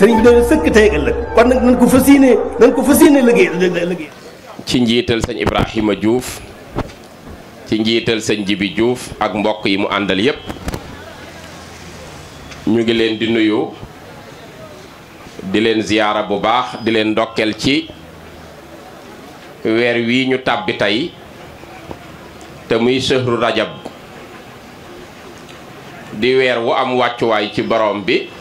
sëriñ bi dana sëkk tey ëllëg kon nag nañ ko fas yéene ko fas yéene ci njiital sañ Ibrahima Diouf ci njiital sëñ Jibi juuf ak mbokk yi mu àndal yépp ñu ngi leen di nuyu di leen ziyaara bu baax di leen ndokkeel ci weer wii ñu tàbbi tey te muy sëhru rajab di weer wu am wàccuwaay ci borom bi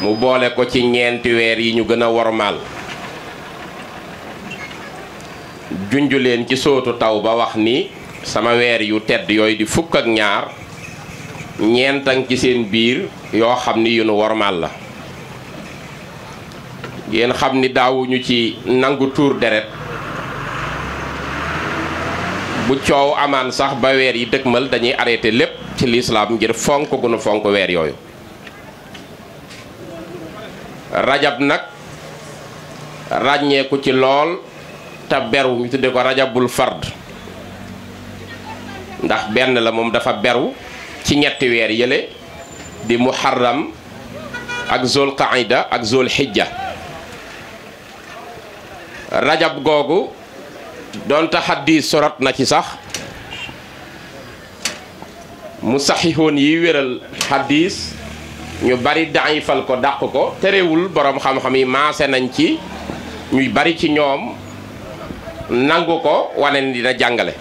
mu boole ko ci ñeenti weer yi ñu gën a wormaal junj ci sootu taw ba wax ni sama weer yu tedd yooyu di fukk ak ñaar ñeentang ci seen biir yoo xam ni yu nu wormaal la ngeen xam ni daawuñu ci nangu tuur deret bu coow amaan sax ba weer yi dëgmal dañuy arrêté lépp ci lislaam ngir fonk gu fonk weer yooyu rajab nag ràññeeku ci lool te beru ñu tuddee ko rajabul fard ndax benn la moom dafa beru ci ñetti weer yële di muharram ak zul qaida ak zul xijja rajab googu doonte xaddiis sorot na ci sax mu saxihoon yi wéral xaddiis ñu bari daayifal ko dàq ko terewul boroom xam-xam yi maase nañ ci ñuy bari ci ñoom nangu ko wane ni dina jàngale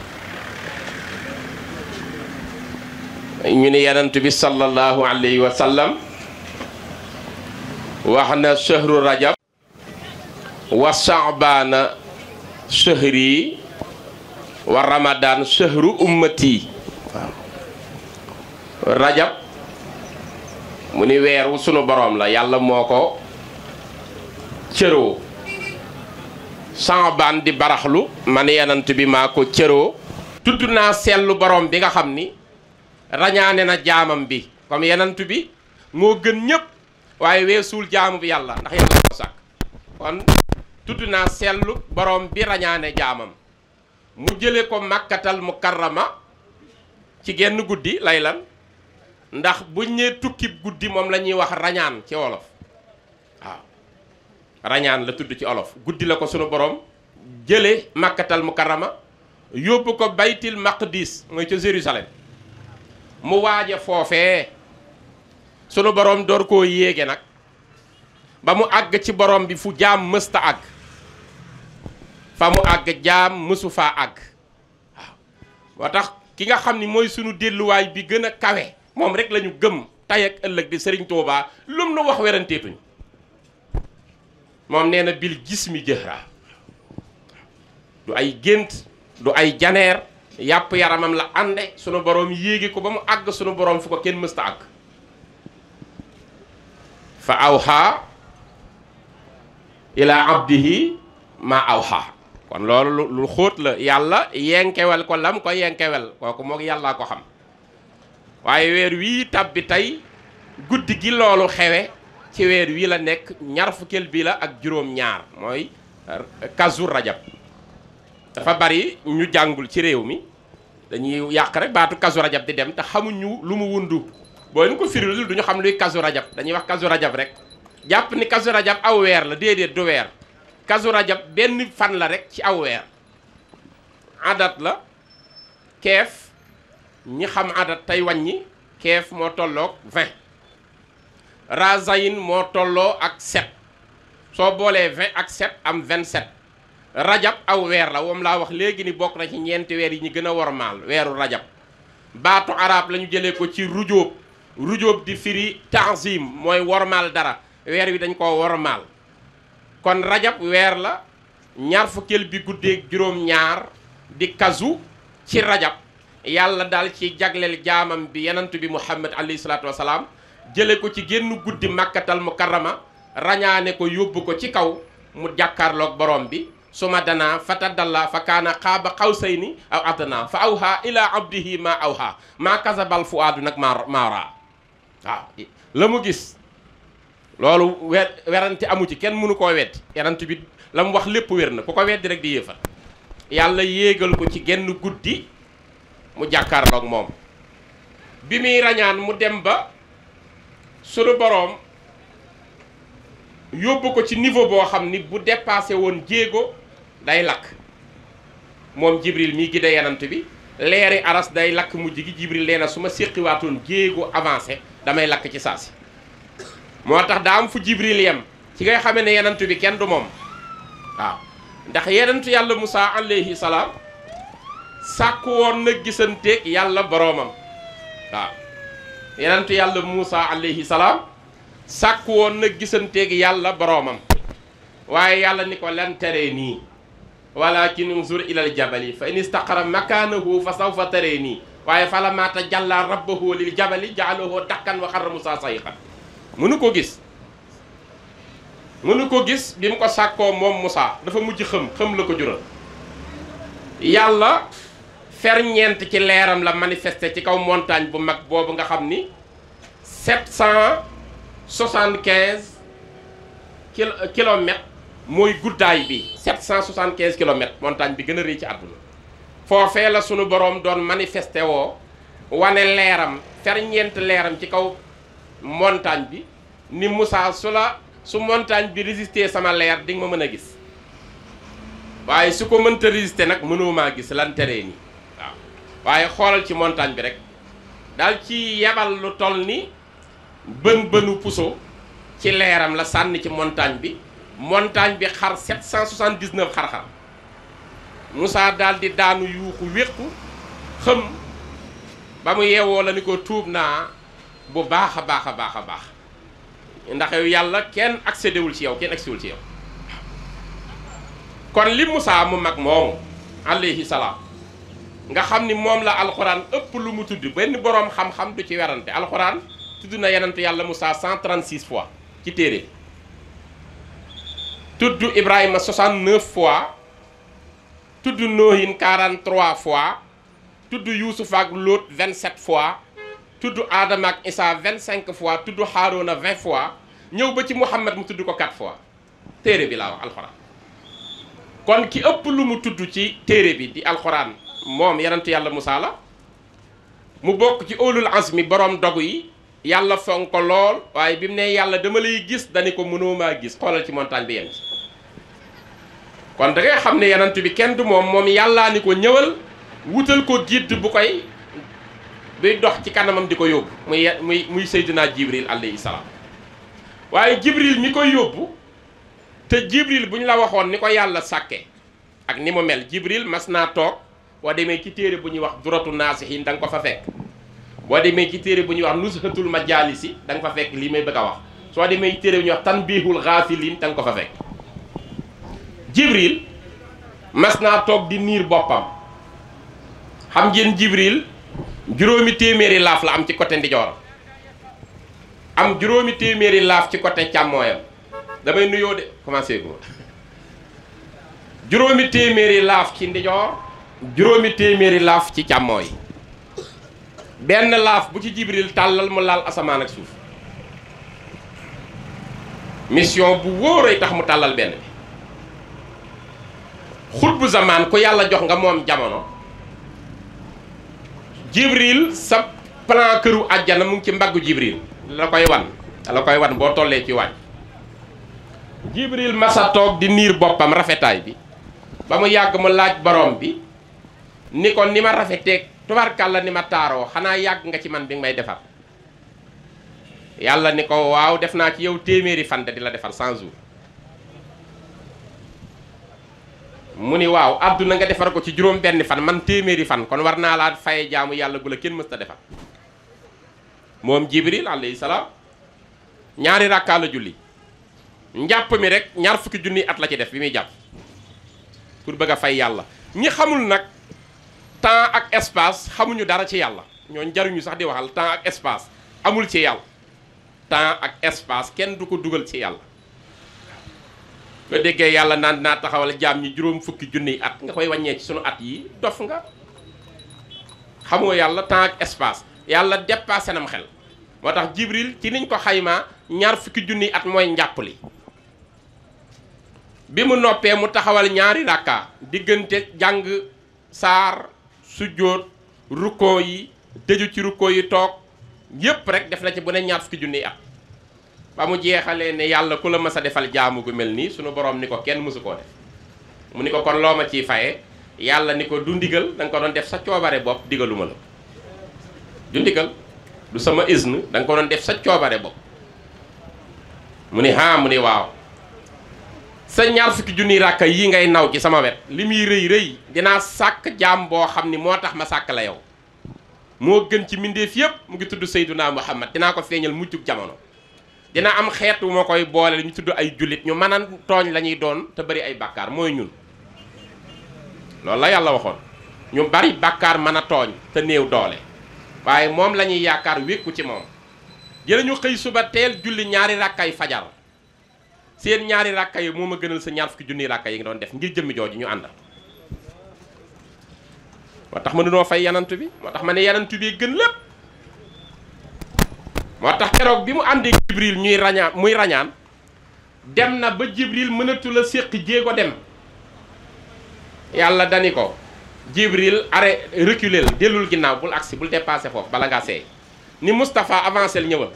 ñu ni yenent bi sallallahu alayhi wa sallam wax na shahru rajab wa shaabaana shahri wa ramadaan shahru ummati rajab mu ni weeru sunu boroom la yàlla moo ko cëroo sanbaan di baraxlu man yenant bi maa ko cëroo tudd naa seetlu boroom bi nga xam ni rañaane na jaamam bi comme yenant bi moo gën ñépp waaye weesul jaamu bu yàlla ndax yàlla ko sàkk kon tudd naa seetlu boroom bi rañaane jaamam mu jële ko màkkatal mukarrama ci genn guddi lay lan ndax buñ ne tukkib guddi moom la ñuy wax rañaan ci wolof waaw rañaan la tudd ci olof guddi la ko sunu boroom jële makkatal mukarrama yóbbu ko baytil maqdis mooy ca Jérusalem mu waaje foofee sunu boroom door koo yéege nag ba mu àgg ci boroom bi fu jaam mësta àgg fa mu àgg jaam mësu faa àgg waaw moo tax ki nga xam ni mooy sunu delluwaay bi gën a kawe moom rek la ñu gëm tay ak ëllëg di sëriñ Touba lum nu wax weranteetuñ moom nee na bil gis mi jëxraa du ay gént du ay janeer yàpp yaramam la ànde sunu borom yéegi ko ba mu àgg sunu borom fu ko kenn mësta àgg fa awxa ila abdihi ma awxa kon loolu lu xóot la yàlla yenkewel ko lam ko yenkewel kooku moog yàllaa ko xam waaye weer wii tàbbi tey guddi gi loolu xewe ci weer wii la nekk ñaar fukkeel bii la ak juróom ñaar mooy euh, kazu rajab dafa bari ñu jàngul ci réew mi dañuy yàq rek baatu kazu rajab di dem te xamuñu lu mu wundu boo leen ko firil du ñu xam luy kazu rajab dañuy wax kazu rajab rek jàpp ni kazu rajab aw weer la déedéet du weer kazu rajab benn fan la rek ci aw weer adat la keef ñi xam adat tey wàññi keef moo tolloog 20 razayin moo tolloo ak 7 soo boolee 20 ak 7 am 27 rajab aw weer la woom laa wax léegi ni bokk na ci ñeenti weer yi ñu gën a wormaal weeru rajab baatu arab lañu ñu jëlee ko ci rujoob rujoob di firi tanzim mooy wormaal dara weer wi dañ koo wormaal kon rajab weer la ñaar fukkeel bi guddeeg juróom-ñaar di kasu ci rajab yàlla daal ci jagleel jaamam bi yenantu bi muhammad alayhi salaatu wasalaam jële ko ci genn guddi màkkatal mukarrama rañaane ko yóbbu ko ci kaw mu jàkkaarloog borom bi suma danaa fa taddalla fa kaana xaaba xawsayni aw adnaa fa awha ila abdihi ma awha maa kasabal fuaadu nag maa la mu gis loolu wer werante amu ci kenn mënu koo weddi yenant bi la mu wax lépp wér na ku ko weddi rek di yéefar yàlla yéegal ko ci genn guddi mu jàkkaarloog moom bi muy rañaan mu dem ba sunu boroom yóbbu ko ci niveau boo xam ni bu dépassé woon jéego day lakk moom jibril mi gide yanant bi leeri aras day lakk mujj gi jibril nee na su ma séqiwaatoon jéego avancé damay lakk ci saa si moo tax daa am fu jibril yem ci ngay xamee ne yanant bi kenn du moom waaw ndax yenentu yàlla Musaa alayhi salaam sàkku woon na gisanteeg yàlla boroomam waaw yenentu yàlla Muusa alayhi salaam sàkku woon na gisanteek yàlla boroomam waaye yàlla ni ko lan tere nii walakin unzur ilal jabali fa in istaqara makaanahu fa sawfa tere nii waaye falammaa tajallaa rabbuhu lil jabali ja'alahu dakkan wa xarra Muusaa sayqan mënu ko gis mënu ko gis bi mu ko sàkkoo moom musa dafa mujj xëm xëm la ko jural yàlla ferñeent ci leeram la manifesté ci kaw montagne bu mag boobu nga xam ni 775 kil kilomètres mooy guddaay bi 775 kilomètres montagne bi gën a rëy ci àdduna foofee la sunu boroom doon manifesté woo wane leeram ferñeent leeram ci kaw montagne bi ni musaa su la su montagne bi résister sama leer di nga ma mën a gis waaye su ko mënta résister nag mënoo maa gis lan tere nii waaye xoolal ci montagne bi rek daal ci yebal lu toll ni bën bënu puso ci leeram la sànni ci montagne bi montagne bi xar 779 xar-xar Moussa daal di daanu yuuxu wéqu xëm ba mu yeewoo la ni ko tuub naa bu baax a baax a baax a baax ndax yow yàlla kenn accédé wul ci yow kenn accédé ci yow kon li Moussa mu mag moomu alayhi salaam nga xam ni moom la alxuraan ëpp lu mu tudd benn boroom xam-xam du ci werante alxuraan tudd na yenent yàlla Moussa 136 fois ci téere tudd Ibrahima 69 fois tudd Noohin 43 fois tudd Yuusuf ak Lóot 27 fois tudd Aadama ak Isaa 25 fois tudd Haaroona 20 fois ñëw ba ci Muhammad mu tudd ko fois téere bi laa wax alxuraan kon ki ëpp lu mu tudd ci téere bi di alxuraan moom yanantu yàlla Musaa la mu bokk ci ulul azmi borom dogu yi yàlla fonk lool waaye bi mu ne yàlla dama lay gis dani ko mënoo maa gis xoolal ci montagne bi yem ci kon da xam ne yanantu bi kenn du moom moom yàllaa ni ko ñëwal wutal ko gidd bu koy buy dox ci kanamam di ko yóbbu muy muy muy Seydina Jibril alayhi salaam waaye Jibril mi koy yóbbu te Jibril bu ñu la waxoon ni ko yàlla sàkke ak ni mu mel Jibril mas naa toog boo demee ci téere bu ñuy wax duratu naasihin da nga ko fa fekk boo demee ci téere bu ñuy wax nushatul majalisi da nga fa fekk lii may bëgg a wax soo demee ci téere bu ñuy wax tanbihul xaafilin da danga ko fa fekk jibril mas naa toog di niir boppam xam ngeen jibriil juróomi téeméeri laaf la am ci côté ndijooram am juróomi téeméeri laaf ci côté càmmooyam damay nuyoo de commencé ko juróomi téeméeri laaf ci ndijoor juróomi téeméeri laaf ci càmmooy benn laaf bu ci jibril tàllal mu laal asamaan ak suuf mission bu wóoray tax mu tàllal benn bi xutbu zamaan ku yàlla jox nga moom jamono jibril sa plan këru àjjana mu ngi ci mbaggu jibril la koy wan la koy wan boo tollee ci wàññ jibril masa toog di niir boppam rafetaay bi ba mu yàgg mu laaj borom bi ni ko ni ma rafeteeg tubarkàlla ni ma taaroo xanaa yàgg nga ci man bi may defar yàlla ni ko waaw def naa ci yow téeméeri fan da di la defar 100 jours mu ni waaw àdduna nga defar ko ci juróom benn fan man téeméeri fan kon war naa laa faye jaamu yàlla gu la kenn mës ta defar moom jibril alayhi salaam ñaari rakkaa la julli njàpp mi rek ñaar fukki junni at la ci def bi muy jàpp pour bëgg a fay yàlla ñi xamul nag temps ak espace xamuñu dara ci yàlla ñooñ jaruñu sax di waxal temps ak espace amul ci yàlla temps ak espace kenn du ko dugal ci yàlla nga déggee yàlla naan naa taxawal jaam ñi juróom fukki junniy at nga koy wàññee ci sunu at yi dof nga xamoo yàlla temps ak espace yàlla dépassé nam xel moo tax jibril ci niñ ko xaymaa ñaar fukki junniy at mooy njàpp li bi mu noppee mu taxawal ñaari ràkkaa diggante jàng saar sujjóot rukkoo yi dëju ci rukkoo yi toog yépp rek def na ci bu ne ñaar fukki junniy at ba mu jeexalee ne yàlla ku la mës a defal jaamu gu mel nii sunu borom ni ko kenn mësu koo def mu ni ko kon loo ma ciy faye yàlla ni ko du ndigal da ko doon def sa coobare bopp digaluma la du ndigal du sama izn da ko doon def sa coobare bopp mu ni haa mu ni waaw sa ñaar fukki junniy ràkka yi ngay naw ci sama wet li muy rëy rëy dinaa sàkk jaam boo xam ni moo tax ma sàkk la yow moo gën ci mbindeef yépp mu ngi tudd Seydunaa Muhammad dinaa ko feeñal muccug jamono dina am xeet wu ma koy boole ñu tudd ay jullit ñu mën a tooñ la ñuy doon te bari ay bàkkaar mooy ñun loolu la yàlla waxoon ñu bari bàkkaar mën a tooñ te néew doole waaye moom la ñuy yaakaar wékku ci moom dinañu xëy suba teel julli ñaari ràkkaay fajar seen ñaari rakka yi moom a gënal sa ñaar fukki junniy rakka yi nga doon def ngir jëmmi jooju ñu ànd moo tax mënunoo fay yanantu bi moo tax ma ne yenantu bi gën lépp moo tax keroog bi mu àndee jibril ñuy rañaan muy rañaan dem na ba jibril mënatu la séqi jéego dem yàlla dani ko jibril arrêt reculer dellul ginnaaw bul agsi bul dépassé foofu bala ngaa seey ni Moustapha avancé ñëwal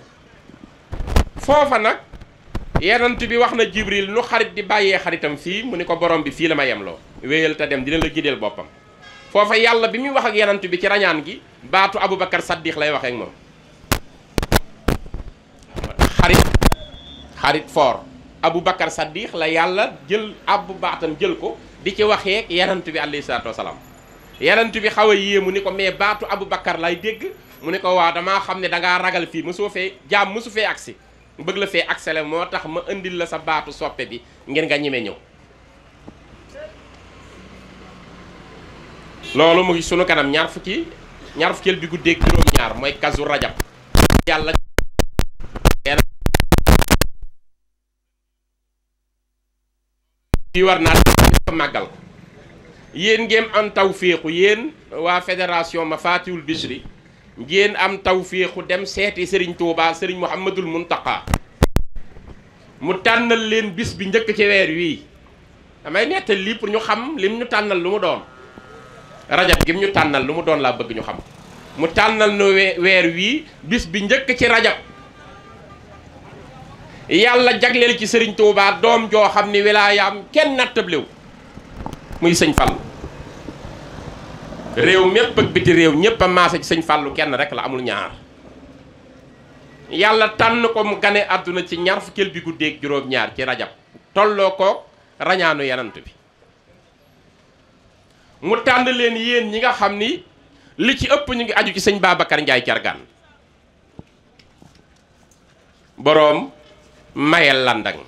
foofa nag yenant bi wax na jibril nu xarit di bàyyee xaritam fii mu ne ko borom bi fii la ma yemloo wéyal te dem dina la gideel boppam foofa yàlla bi muy wax ak yenant bi ci rañaan gi baatu aboubacar saddiq lay waxee ak moom xarit xarit fort aboubacar saddiq la yàlla jël abbu baatam jël ko di ci waxee ak bi alayhi salaatu wasalaam yenant bi xaw a yéemu ni ko mais baatu aboubacar lay dégg mu ne ko waa damaa xam ne dangaa ragal fii mosu fee jaam mosu fee agsi bëgg la fee accéléré moo tax ma indil la sa baatu soppe bi ngeen nga ñeme ñëw loolu mu ngi sunu kanam ñaar fukki ñaar bi guddeeg juróom-ñaar mooy kazu rajab yàlla di war naa màggal ko yéen ngeen am tawféexu yéen waa fédération Mafatihul Bichri ngeen am tawféexu dem seeti sëriñ Touba Serigne Mouhamadul Muntaqa mu tànnal leen bis bi njëkk ci weer wii damay nettal lii pour ñu xam lim ñu tànnal lu mu doon rajab gim ñu tànnal lu mu doon laa bëgg ñu xam mu tànnal nu weer wii bis bi njëkk ci rajab yàlla jagleel ci sëriñ Touba doom joo xam ni wilaayaam kenn nattable wu muy sëñ Fall. réew mépp ak biti réew ñépp a maase ci sañ Fallou kenn rek la amul ñaar yàlla tànn ko mu gane àdduna ci ñaar fukkeel bi guddeeg juróom-ñaar ci rajab tolloo ko rañaanu yanant bi mu tànn leen yéen ñi nga xam ni li ci ëpp ñu ngi aju ci sëñ Babacar Ndiaye Cargaan boroom mayel landang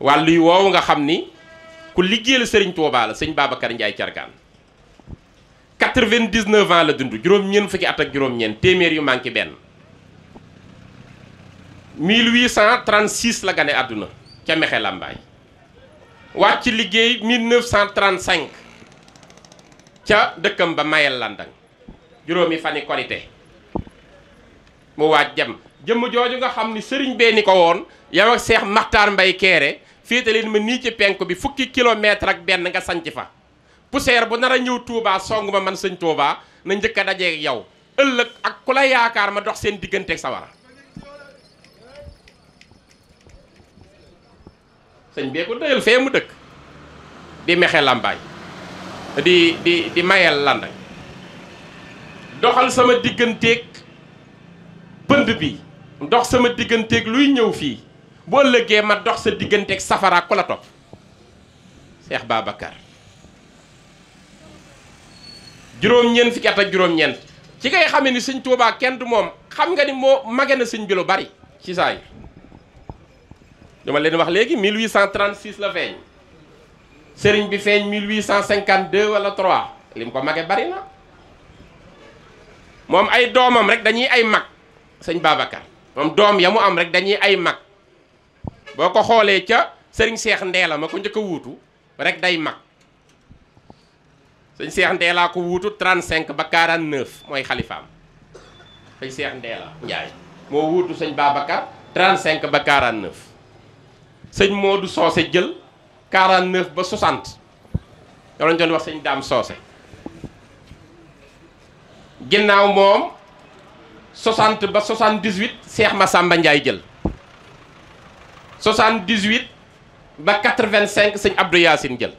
wàllu yi woowu nga xam ni ku liggéeyal sëriñ Touba la sëñ Babacar Ndiaye Thiargane 99 la dund juróom-ñeent fukki at ak juróom-ñeent téeméer yu manqué benn la gane àdduna ca Mexe Lambaay wàcc ci liggéey ca dëkkam ba Mayel Landang juróomi fani korité mu waaj dem jëmm jooju nga xam ni sëriñ bee ni ko woon yow ak seex Maxtaar Mbay Keere féete leen ma nii ci penk bi fukki kilomètre ak benn nga sanc fa poussière bu nar a ñëw Touba song ma man sëñ Touba na njëkk a dajeeg yow ëllëg ak ku la yaakaar ma dox seen digganteeg sawara sëñ bee ko dëyal fee mu dëkk di mexe làmbaay di di di mayel landak doxal sama digganteeg pënd bi ndox sama digganteeg luy ñëw fii boo lëggee ma dox sa digganteeg safaraa ku la topp Cheikh Babacar juróom-ñeent fukki at ak juróom-ñeent ci ngay xamee ni sëñ Tuubaa kenn du moom xam nga ni moo mage na sëñ bi lu bari ci saa yi dama leen wax léegi 1836 la feeñ sëriñ bi feeñ 1852 wala 3 lim ko mage bari na moom ay doomam rek dañuy ay mag sëñ Babacar moom doom ya mu am rek dañuy ay mag boo ko xoolee ca sëriñ seex ndeela ma ko njëkk a wuutu rek day mag sëñ seex ndeelaa ko wuutu 35 ba 49 mooy xalifaam sëñ seex ndeela njaay moo wuutu sëñ Babacar 35 ba 49 sëñ Modou Soose jël 49 ba 60 yow lañ doon wax sëñ Daam Soose ginnaaw moom 60 ba 78 seex Masamba Njaay jël 78 ba 85 sëñ Abdou Yaasin jël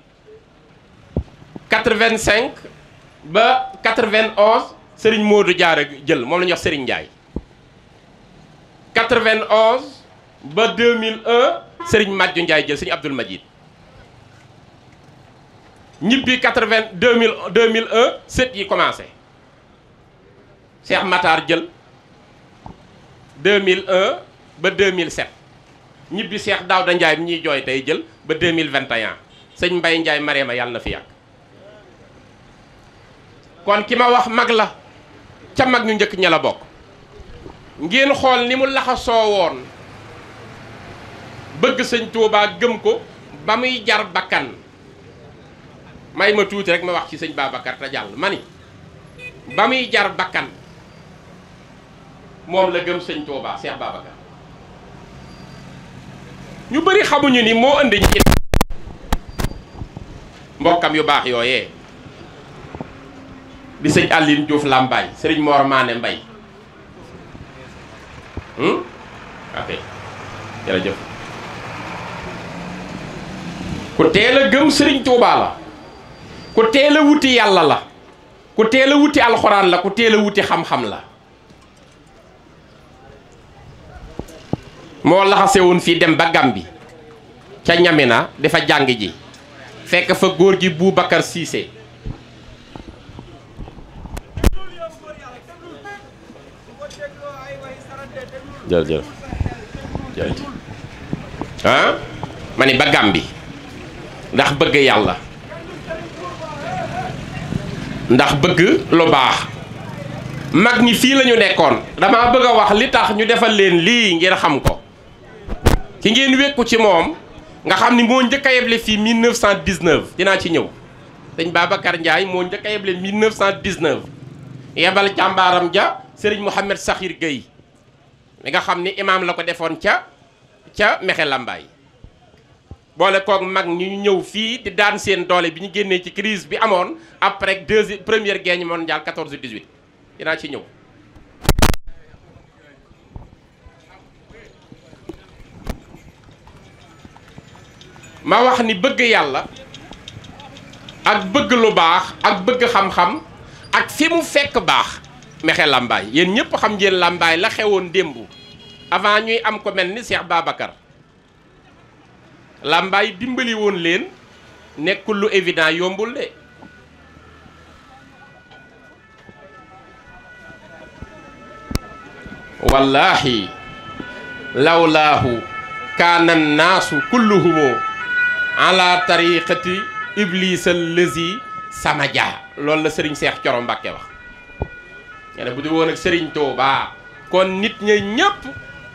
85 ba 91 Serigne Modou Diarra jël moom la ñuy wax Serigne Ndiaye 91 ba 2001 Serigne Madjo Ndiaye jël sëñ Abdoul Majid ñibbi 80 2000 2001 sët yi commencé Cheikh Matar jël 2001 ba 2007. ñibbi Cheikh Daouda Ndiaye mi ñuy jooy tey jël ba 2021 sëñ Mbaye Ndiaye Mariama yàlla na fi yàgg kon ki ma wax mag la ca mag ñu njëkk ña la bokk ngeen xool ni mu laxasoo woon bëgg sëñ Touba gëm ko ba muy jar bakkan may ma tuuti rek ma wax ci sëñ Babacar te jàll ma ni ba muy jar bakkan moom la gëm sëñ Touba Cheikh Babacar ñu bëri xamuñu ni moo indi ñi mbokkam yu baax yooye di sëñ Aline Diouf Lambaye sëriñ Mor Mané Mbaye hmm? ok ku teel a gëm sëriñ Tuubaa la ku teel a wuti yàlla la ku teel a wuti alxuraan la ku teel a wuti xam-xam la moo laxasewoon fii dem ba Gàmbi ca Ñamina dafa jàng ji fekk fa góor ji Boubacar Cissé jërëjëf jërëjëf ah ma ni ba Gàmbi ndax bëgg yàlla ndax bëgg lu baax mag ñi fii la ñu nekkoon dama bëgg a wax li tax ñu defal leen lii ngir xam ko ki ngeen wékku ci moom nga xam ni moo njëkk a yeble fii 1919 dinaa ci ñëw sëñ Babacar njaay moo njëkk a yeble 1919 yebal jàmbaaram ja sëriñ Mouhamed Sakhir Gueye mi nga xam ni imaam la ko defoon ca ca Mexe Lambaay boole koog mag ñu ñëw fii di daan seen doole bi ñu génnee ci crise bi amoon après deuxième première guerre mondiale 14 18 dinaa ci ñëw. ma wax ni bëgg yàlla ak bëgg lu baax ak bëgg xam-xam ak fi mu fekk baax mexe làmbaay yéen ñëpp xam ngeen làmbaay la xewoon démb avant ñuy am ko mel ni Cheikh Babacar làmbaay dimbali woon leen nekkul lu évident yombul de wallaahi lawlaahu kaana naasu kulluhumoo ala tariqati iblis sama samaja loolu la sëriñ seex coro mbàkke wax nee bu di woon ak sëriñ Tuubaa kon nit ñi ñëpp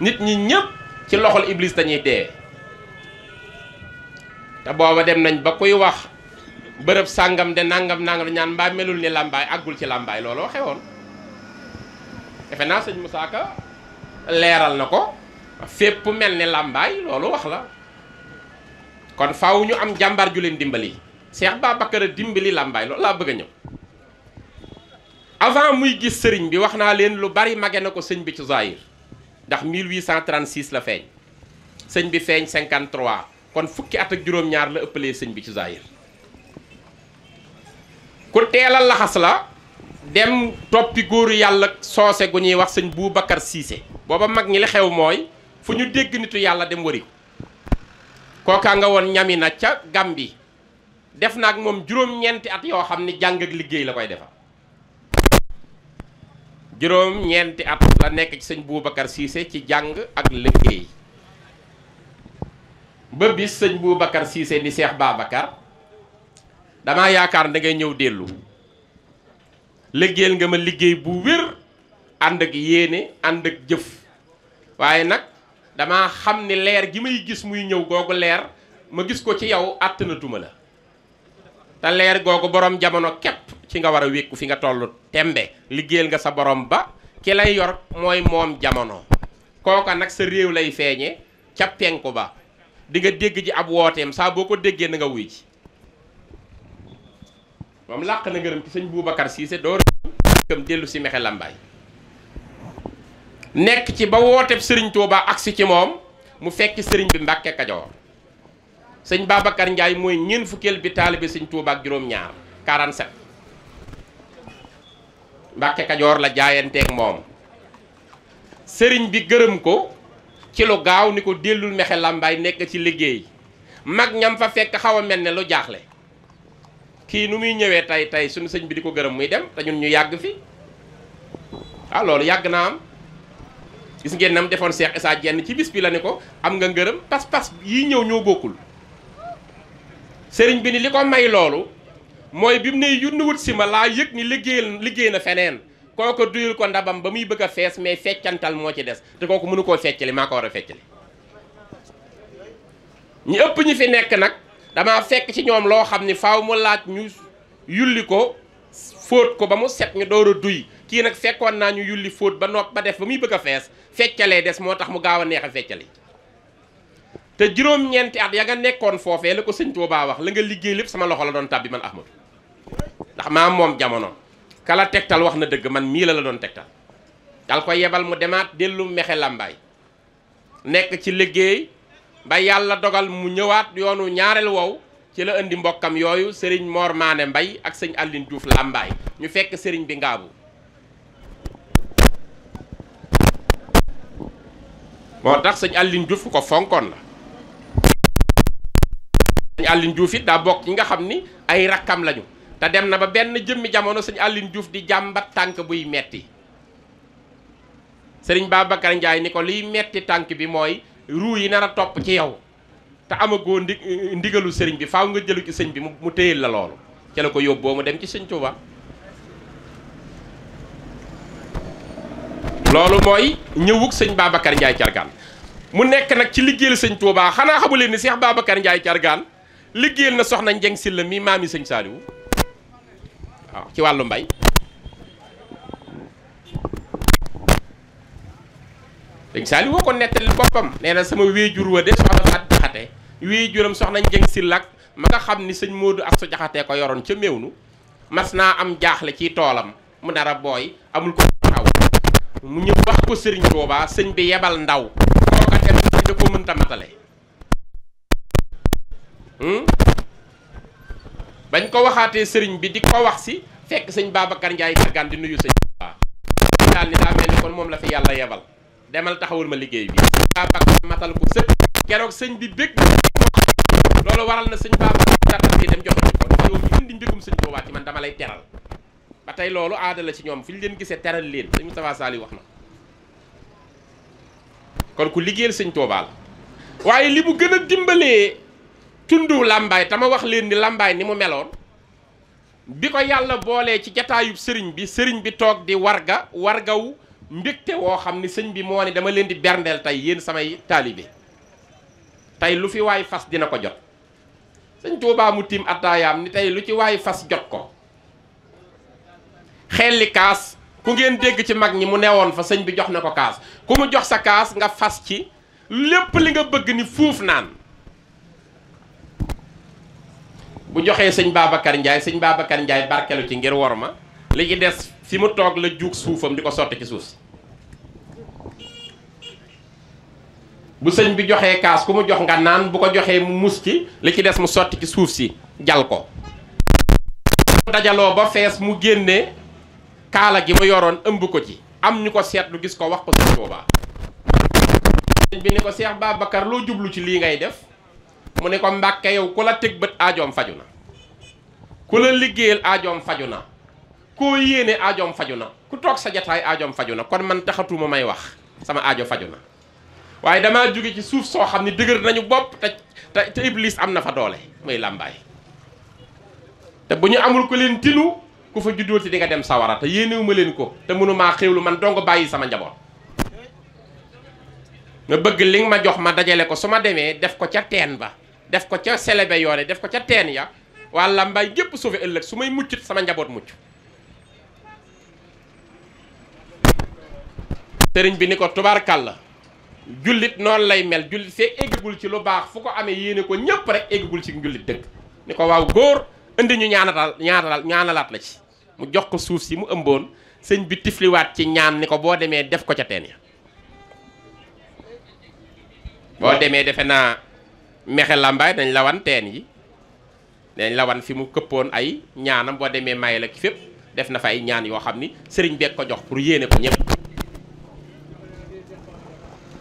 nit ñi ñëpp ci loxol iblis dañuy dee te booba dem nañ ba kuy wax bërëb sàngam de nangam nangam ñaan mbaa melul ni làmbaay àggul ci làmbaay loolu waxee woon defe naa sëñ Musaa Ka leeral na ko fépp mel ni làmbaay loolu wax la kon faaw ñu am jàmbaar ju leen dimbali Cheikh Babacar dimbali làmbaay loolu laa bëgg a ñëw avant muy gis sëriñ bi wax naa leen lu bari mage na ko sëñ bi ci Zahir ndax 1836 la feeñ sëñ bi feeñ 53 kon fukki at ak juróom-ñaar la ëppalee sëñ bi ci Zahir ku teel laxas la dem toppi góoru yàlla soose gu ñuy wax sëñ buu Boubacar Cissé booba mag ñi li xew mooy fu ñu dégg nitu yàlla dem wari kookaa nga woon ñamina ca Gàmbi def ak moom juróom-ñeenti at yoo xam ne jàng ak liggéey la koy defar juróom-ñeenti at la nekk ci sëñ Boubacar Cissé ci jàng ak liggéey ba bis sëñ Boubacar Cissé ni Seex Babacar damaa yaakaar da ngay ñëw dellu liggéeyal nga ma liggéey bu wér ànd ak yéene ànd ak jëf waaye nag dama xam ni leer gi may gis muy ñëw googu leer ma gis ko ci yow àttanatuma la te leer googu borom jamono képp ci nga war a wékku fi nga toll tembe liggéeyal nga sa boroom ba ki lay yor mooy moom jamono kooka nag sa réew lay feeñe ca penku ba di nga dégg ji ab wooteem saa boo ko déggee na nga wuy ci moom làq na ngërëm ci sëñ Boubacar Cissé door kam dellu si mexe nekk ci ba wooteb sëriñ Touba agsi ci moom mu fekk sëriñ bi Mbàkke Kajoor sëñ Babacar Ndiaye mooy ñeent fukkeel bi taalibe sëñ Touba ak juróom-ñaar 47. Mbàkke Kajoor la jaayanteeg moom sëriñ bi gërëm ko ci lu gaaw ni ko dellul mexe làmbaay nekk ci liggéey mag ñam fa fekk xaw a mel ne lu jaaxle kii nu muy ñëwee tey tey sunu sëñ bi di ko gërëm muy dem te ñun ñu yàgg fi ah loolu yàgg naa am. gis ngeen nam defoon Cheikh Issa Diène ci bis bi la ne ko am nga ngërëm pas-pas yii ñëw ñoo bokkul sëriñ bi ni li ko may loolu mooy bi mu ne yunnu wut si ma laa yëg ni liggéeyal liggéey na feneen kooku duyul ko ndabam ba muy bëgg a fees mais feccantal moo ci des te kooku mënu koo feccali maa ko war a feccali ñi ëpp ñi fi nekk nag dama fekk ci ñoom loo xam ni faw mu laaj ñu yulli ko fóot ko ba mu set ñu door a duy kii nag fekkoon naa ñu yulli fóot ba nopp def ba muy bëgg a fees feccalee des moo tax mu gaaw a neex a feccali te juróom-ñeenti at ya nga nekkoon foofee la ko sëñ Tuubaa wax la nga liggéey lépp sama loxo la doon tàbbi man Ahmadu ndax maa moom jamono kala tegtal wax na dëgg man mii la la doon tegtal dal ko yebal mu demaat dellu mexe làmbaay nekk ci liggéey ba yàlla dogal mu ñëwaat yoonu ñaareel wow ci la indi mbokkam yooyu sëriñ Mor Maane Mbay ak sëñ Aline Diouf làmbaay ñu fekk sëriñ bi ngaabu moo tax sëñ Alioune Diouf ko fonkoon la sëñ Alioune Diouf it daa bokk ñi nga xam ni ay rakkam lañu te dem na ba benn jëmmi jamono sëñ Alioune juuf di jàmbat tànk buy metti sëriñ Babacar Ndiaye ni ko liy metti tànk bi mooy ruu yi nar a topp ci yow te amagoo ndi ndigalu sëriñ bi faw nga jëlu ci sëñ bi mu téyel la loolu ca la ko yóbboo mu dem ci sëñ Touba. loolu mooy ñëwug sëñ Babacar Ndiaye Thiargane mu nekk nag ci liggéeyal sëñ Touba xanaa xamu leen ni Cheikh Babacar Ndiaye Thiargane liggéeyal na soxna Njeng Silla mi maami sëñ Saliou waaw ci wàllu mbay sëñ Saliou woo ko nettali boppam nee na sama wéejur wa de soxna Faat Jaxate wéejuram soxna Njeng Silla ak ma nga xam ni sëñ Modou ak su Jaxate ko yoroon ca méew nu mas naa am jaaxle ci toolam mu dara booy amul ko mu ñëw wax ko sëriñ Touba sëñ bi yebal ndaw kooka dem ndax da ko mënta matale hmm? bañ ko waxaatee sëriñ bi di ko wax si fekk sëñ Babacar Ndiaye Kargane di nuyu sëñ Touba daal ni daa mel ni kon moom la fi yàlla yebal demal taxawul ma liggéey bi sëñ Babacar matal ko sëpp keroog sëñ bi bég loolu waral na sëñ Babacar Ndiaye dem ci man dama lay teral ba tey loolu aadala la ci ñoom fi ñu leen gisee teral leen sëñ Moustapha saali wax na kon ku liggéeyal sëñ Tuubaa la waaye li mu gën a dimbalee tundu làmbaay tama wax leen ni làmbaay ni mu meloon bi ko yàlla boolee ci jataayub sëriñ bi sëriñ bi toog di warga wargaw mbégte woo xam ni sëñ bi moo ne dama leen di berndeel tey yéen samay taalibe tey lu fi waay fas dina ko jot sëñ Tuubaa mu tiim attaayaam ni tey lu ci waay fas jot ko xelli kaas ku ngeen dégg ci mag ñi mu newoon fa sëñ bi jox na ko kaas ku mu jox sa kaas nga fas ci lépp li nga bëgg ni fuuf naan bu joxee sëñ Babacar Ndiaye sëñ Babacar Ndiaye barkelu ci ngir wor ma li ci des fi mu toog la juug suufam di ko sotti ci suuf si bu sëñ bi joxee kaas ku mu jox nga naan bu ko joxee mu mus ci li ci des mu sotti ci suuf si jal ko dajaloo ba fees mu génnee kaala gi mu yoroon ëmb ko ci am ñu ko seetlu gis ko wax ko sëñ Tuubaa bi ni ko Seex Babacar loo jublu ci lii ngay def mu ne ko Mbàkke yow ku la teg bët ajoom faju na ku la liggéeyal ajoom faju na koo yéene ajoom faju na ku toog sa jataay aajoom faju na kon man taxatuma may wax sama ajo faju na waaye damaa jóge ci suuf soo xam ne dëgër nañu bopp te te te am na fa doole muy làmbaay te bu ñu amul ko leen tilu ku fa juddooti di dem sawara te yéenewu ma leen ko te mënumaa xéwlu man dong bàyyi sama njaboot ma bëgg li nga ma jox ma dajale ko su ma demee def ko ca teen ba def ko ca selebe yoone def ko ca teen ya walla mbay yépp suufe ëllëg su may muccit sama njaboot mucc sëriñ bi ni ko tubaarkàlla jullit noonu lay mel jullit see éggagul ci lu baax fu ko amee yéene ko ñépp rek éggagul ci njullit dëgg ni ko waaw góor indi ñu ñaanalaal ñaanalaat la ci mu jox ko suuf si mu ëmboon sëñ bi tifliwaat ci ñaan ni ko boo demee def ko ca teen ya boo demee defe naa mexe làmbaay dañ la wan teen yi dañ la wan fi mu këppoon ay ñaanam boo demee maye la ki fépp def na fa ay ñaan yoo xam ni sëriñ beeg ko jox pour yéene ko ñëpp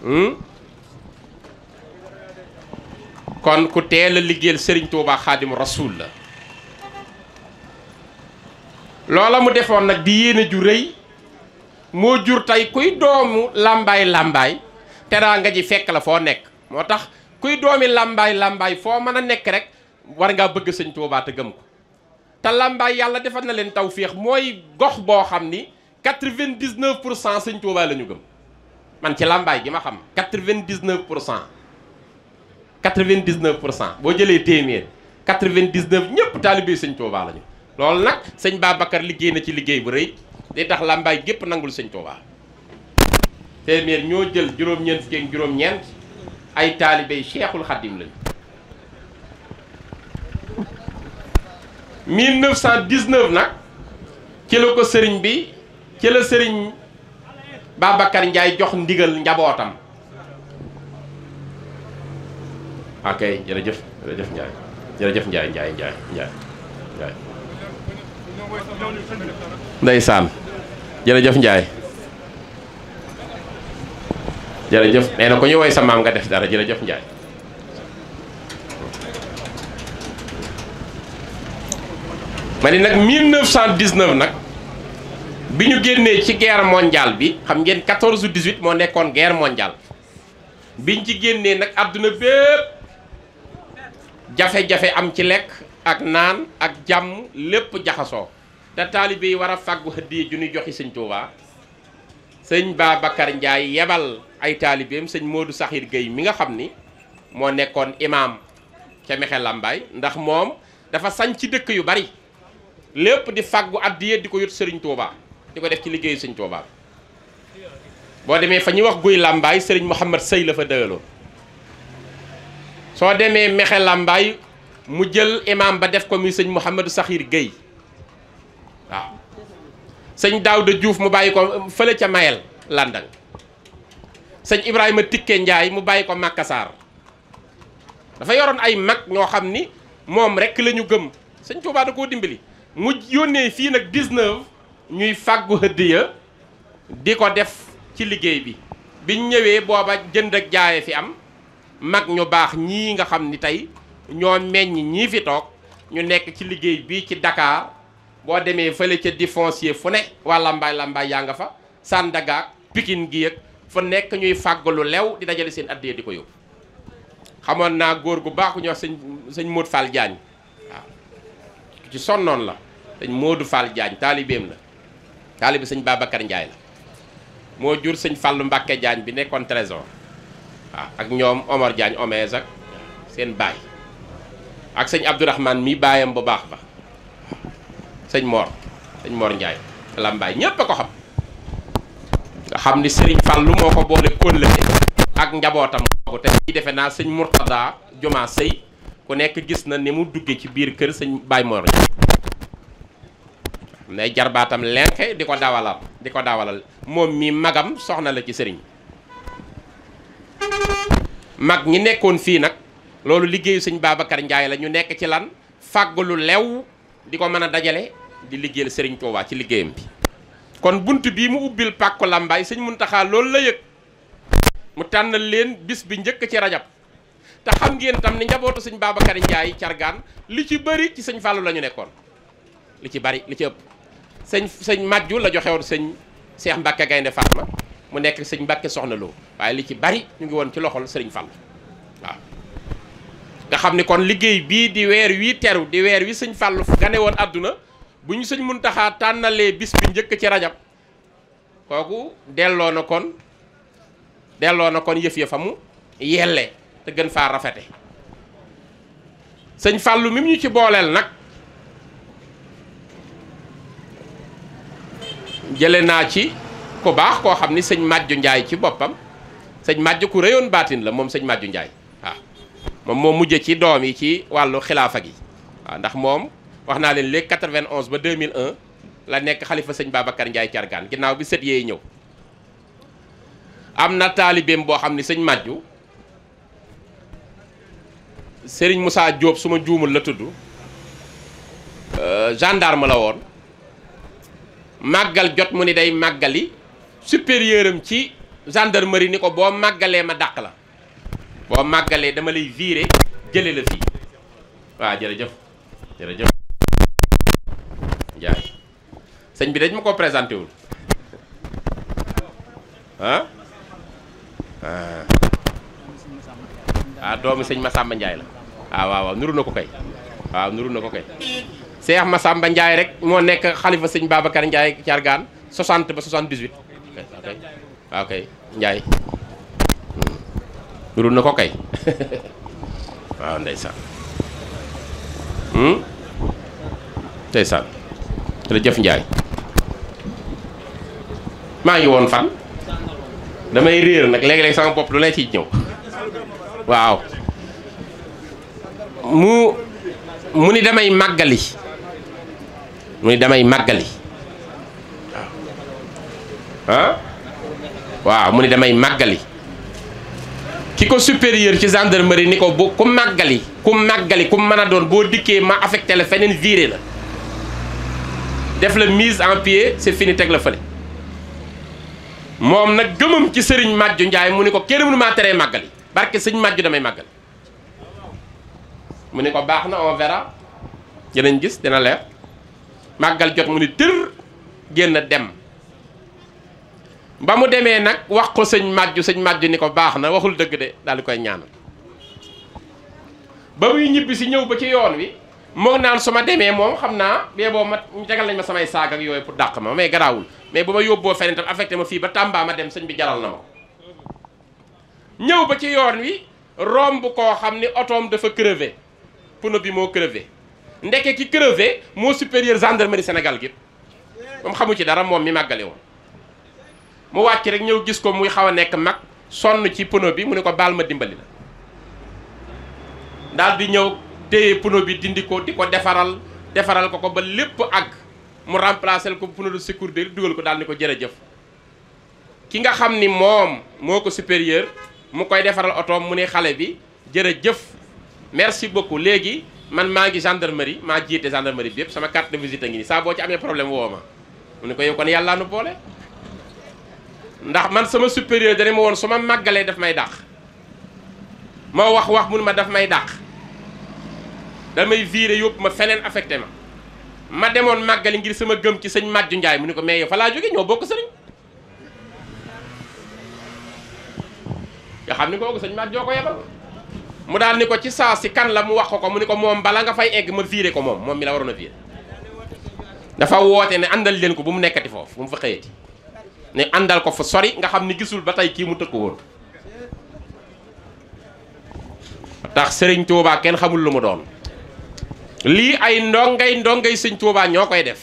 hmm? kon ku teel a liggéeyal sëriñ Tuubaa Xaadimu Rasuul la loola mu defoon nag di yéene ju rëy moo jur tey kuy doomu làmbaay làmbaay teraanga ji fekk la foo nekk moo tax kuy doomi làmbaay làmbaay foo mën a nekk rek war ngaa bëgg sëñ Tuubaa te gëm ko te làmbaay yàlla defal na leen taw tawféex mooy gox boo xam ni quatre-vingt-dix-neuf pour cent sëñ la ñu gëm man ci làmbaay gi ma xam quatre vingt pour cent quatre-vingt-dix-neuf pour cent boo jëlee téeméer quatre vingt dix ñëpp taalibe sëñ Tuubaa la ñu loolu nag sëñ Babacar liggéey na ci liggéey bu rëy day tax làmbaay gépp nangul sëñ Touba téeméer ñoo jël juróom-ñeent fukk ay taalibey Cheikhul Khadim lañu 1919 nag ci la ko sëriñ bi ci la sëriñ Babacar njaay jox ndigal njabootam ok jërëjëf jërëjëf Ndiaye jërëjëf Ndiaye Ndiaye ndeysaan jërëjëf Njaay jërëjëf nee na ko ñu woy sa maam def dara jërëjëf Njaay ma ni nag 1919 nag bi ñu génnee ci guerre mondiale bi xam ngeen 14 18 moo nekkoon guerre mondiale biñ ci génnee nag àdduna bépp jafe-jafe am ci lekk ak naan ak jàmm lépp jaxasoo te taalibe yi war a fàggu hëddiye ju ñuy joxi sëñ baabakar sëñ Babacar yebal ay taalibeem sëñ moodu saxiir Gueye mi nga xam ni moo nekkoon imaam ca Mexe làmbaay ndax moom dafa sañ ci dëkk yu bari lépp di fàggu addiye di ko yot sëriñ Touba di ko def ci liggéeyu sëñ Touba boo demee fa ñuy wax guy làmbaay sëriñ Mouhamad Sey la fa dëgaloon soo demee Mexe làmbaay mu jël imaam ba def ko muy sëñ Mouhamadou saxiir Gueye waaw sëñ Daouda juuf mu bàyyi ko euh, fële ca Mayel Landang sëñ Ibrahima Tikke njaay mu bàyyi ko Makassar dafa yoroon ay mag ñoo xam ni moom rekk lañu ñu gëm sëñ Tuubaa koo dimbali mu yónnee fii nag 19 ñuy fàggu hëddiya di ko def ci liggéey bi biñ ñëwee booba jënd ak jaaye fi am mag ñu baax ñii nga xam ni tey ñoo meññ ñii fi toog ñu nekk ci liggéey bi ci dakaar boo demee fële ca di foncier fu ne waa lambaay lambaay yaa nga fa Sandaga pikin gi yëg fa nekk ñuy lu lew di dajale seen addee di ko yóbbu xamoon naa góor gu baax ñoo sëñ sëñ Modou jaañ Diagne waaw ci sonnoon la sëñ Modou Fall jaañ taalibeem la taalibe sëñ Babacar Ndiaye la moo jur sëñ Fallou Mbacke jaañ bi nekkoon traison waaw ak ñoom Omar Diagne Omez ak seen baay ak sëñ Abdourahmane mi baayam bu baax ba sëñ Mor sëñ Mor Ndiaye Lambaay ñépp a ko xam nga xam ni Serigne Fallou moo ko boole kóllëre ak njabootam boobu te ñuy defe naa sëñ Mourtada Juma Sey ku nekk gis na ni mu duggee ci biir kër sëñ Baye Mor ne jarbaatam lenke di ko dawalal di ko dawalal moom mii magam soxna la ci sëriñ mag ñi nekkoon fii nag loolu liggéeyu sëñ Babacar Ndiaye lañu nekk ci lan fàgg lu lew di ko mën a dajale di liggéeyal Serigne Touba ci liggéeyam bi kon bunt bii mu ubbil pàkku làmbaay sëñ Muntaxa loolu la yëg mu tànnal leen bis bi njëkk ci rajab te xam ngeen tam ni njabootu sëñ Babacar Ndiaye cargaan li ci bari ci sëñ Fallou la ñu nekkoon li ci bari li ci ëpp sëñ sëñ majju la joxewoon woon sëñ Cheikh Mbacke Gaynde Fatma mu nekk sëñ Mbacke Soxna Lo waaye li ci bëri ñu ngi woon ci loxol sëriñ Fallou waaw nga xam ni kon liggéey bii di weer wii teru di weer wi sëñ Fallou gane woon àdduna bu ñu sëñ Muntaxa tànnalee bis bi njëkk ci rajab kooku delloo na kon delloo na kon yëf ya mu yellee te gën faa rafete sëñ Fàllu mi ñu ci booleel nag jële naa ci ku baax koo xam ni sëñ Màjju Njaay ci boppam sëñ Màjju ku réyoon baatin la moom sëñ Màjju Njaay waaw moom moo mujje ci doom yi ci wàllu xilaafa gi waaw ndax moom wax naa leen léegi 91 ba 2001 la nekk xalifa sëñ Babacar Ndiaye Thiargane ginnaaw bi sët yeey ñëw am na taalibeem boo xam ne sëñ Màjju sëriñ musaa Diop su ma juumul la tudd euh, gendarme la woon màggal jot mu ni day màggali supérieur am ci gendarmerie ni ko boo màggalee ma dàq la boo màggalee dama lay viire jële la fii waaw jërëjëf Ndiaye sëñ bi dañ ma ko présenté wul ah ah doomu sëñ Massamba Ndiaye la ah waaw waaw nuru na ko kay waaw nuru na ko kay Cheikh Massamba Ndiaye rek moo nekk xalifa sëñ Babacar Ndiaye Thiargane 60 ba 78 ok waaw kay ah, Ndiaye hmm. nuru na ko kay waaw ndeysaan hmm? ndeysaan jërëjëf njaay maa ngi woon fan damay réer nag léegi-léegi sama bopp lu ne ciy ñëw waaw mu mu ni damay màggali mu ni damay màggali ah waaw mu ni damay màggali ki ko supérieur ci gendarmerie ni ko bu ku màggali ku màggali ku mën a doon boo dikkee ma affecté la feneen viré la def la mise en pied c'est fini teg la fële moom nag gëmam ci sëriñ Madiou Ndiaye mu ne ko kenn mënu maa teree màggali barke sëñ Madiou damay màggal mu ne ko baax na on verra dinañ gis dina leer màggal jot mu ne tër génn dem ba mu demee nag wax ko sëñ Madiou sëñ Madiou ni ko baax na waxul dëgg de daal koy ñaan ba muy ñibbi si ñëw ba ci yoon wi moo naan su ma demee moom xam naa bee boo ma jagal nañ ma samay saag ak yooyu pour dàq ma mais garaawul mais bu ma yóbboo feneen tam affecté ma fii ba Tamba ma dem sëñ bi jaral na ma ko ñëw ba ci yoon wi romb koo xam ni otoom dafa crevé pneu bi moo crevé ndeke ki crevé moo supérieur gendarmerie Sénégal gi moom xamu ci dara moom mi màggale woon mu wàcc rek ñëw gis ko muy xaw a nekk mag sonn ci pneu bi mu ne ko baal ma dimbali la daal di ñëw. téye pneu bi dindi ko di ko defaral defaral ko ko ba lépp ak mu remplacer ko pneu de sécurité dugal ko daal ni ko jërëjëf ki nga xam ni moom moo ko supérieur mu koy defaral otoom mu ne xale bi jëf merci beaucoup léegi man maa ngi gendarmerie maa jiite gendarmerie bi yëpp sama carte de visite a ngi nii saa boo ci amee problème woo ma mu ne ko yow kon yàllaa boole ndax man sama supérieur dana ma woon su ma màggalee daf may dàq ma wax wax mun ma daf may dàq damay viire yóbbu ma feneen affecté ma ma demoon màggali ngir sama gëm ci sëñ Màjju Njaay mu ne ko mais yow fa laa jóge ñoo bokk sëriñ nga xam ni kooku sëñ Màjju joo ko yebal mu daal ni ko ci saa si kan la mu wax ko ko mu ni ko moom bala nga fay egg ma viré ko moom moom mi la waroon a viré dafa woote ne àndal leen ko bu mu nekkati foofu bu mu fa xëyati ne àndal ko fa sori nga xam ni gisul ba tey kii mu tëkk woon tax sëriñ Tuubaa kenn xamul lu mu doon lii ay ndongay ndongay sëñ Tuubaa ñoo koy def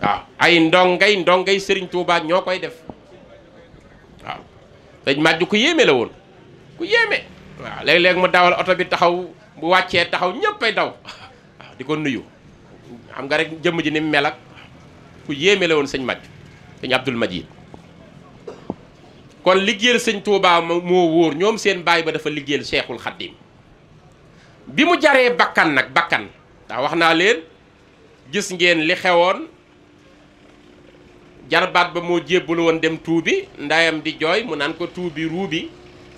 waaw ay ndongay ndongoy sëriñ Tuubaa ñoo koy def waaw sëñ Màjj ku yéeme la woon ku yéeme waaw léeg-léeg mu dawal oto bi taxaw bu wàccee taxaw ñëppay daw di ko nuyu xam nga rek jëmm ji ni mu mel ak ku yéeme la woon sëñ Màjj sëñ Abdul Majid kon liggéeyal sëñ Tuubaa moo wóor ñoom seen baay ba dafa liggéeyal Seexul Xaddim bi mu jaree bakkan nag bakkan ndax wax naa leen gis ngeen li xewoon jarbaat ba moo jébbalu woon dem tuubi ndayam di jooy mu naan ko tuubi ruubi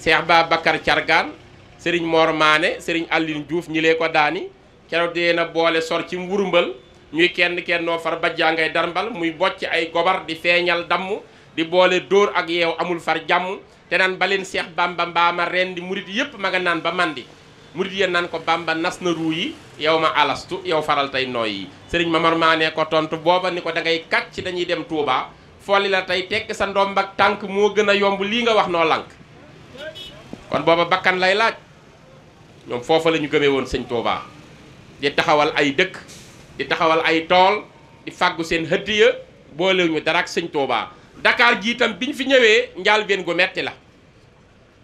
ba Babacar Cargaan Serigne Mor Maane Serigne Aline Diouf ñi lee ko daani keroog dee na boole sor ci mburumbal ñuy kenn kenn noo far ba jàngay darmbal muy bocc ay gobar di feeñal damm di boole dóor ak yeew amul far jàmm te naan ba leen Cheikh Bamba mbaama ren di murit yépp ma nga naan ba màndi murit yéen naan ko bamba nas na ruu yi yow ma alastu yow faral tey nooy yi sëriñ maa maanee ko tontu booba ni ko dangay ngay ci dañuy dem Touba folli la tey tekk sa ndomb ak tànk moo gën a yomb lii nga wax noo lànk kon booba bakkan lay laaj ñoom foofa la ñu gëmee woon sëñ Touba di taxawal ay dëkk di taxawal ay tool di fàggu seen hëddiya boole ñu dara ak sëñ Touba Dakar ji itam fi ñëwee njaal benn gu metti la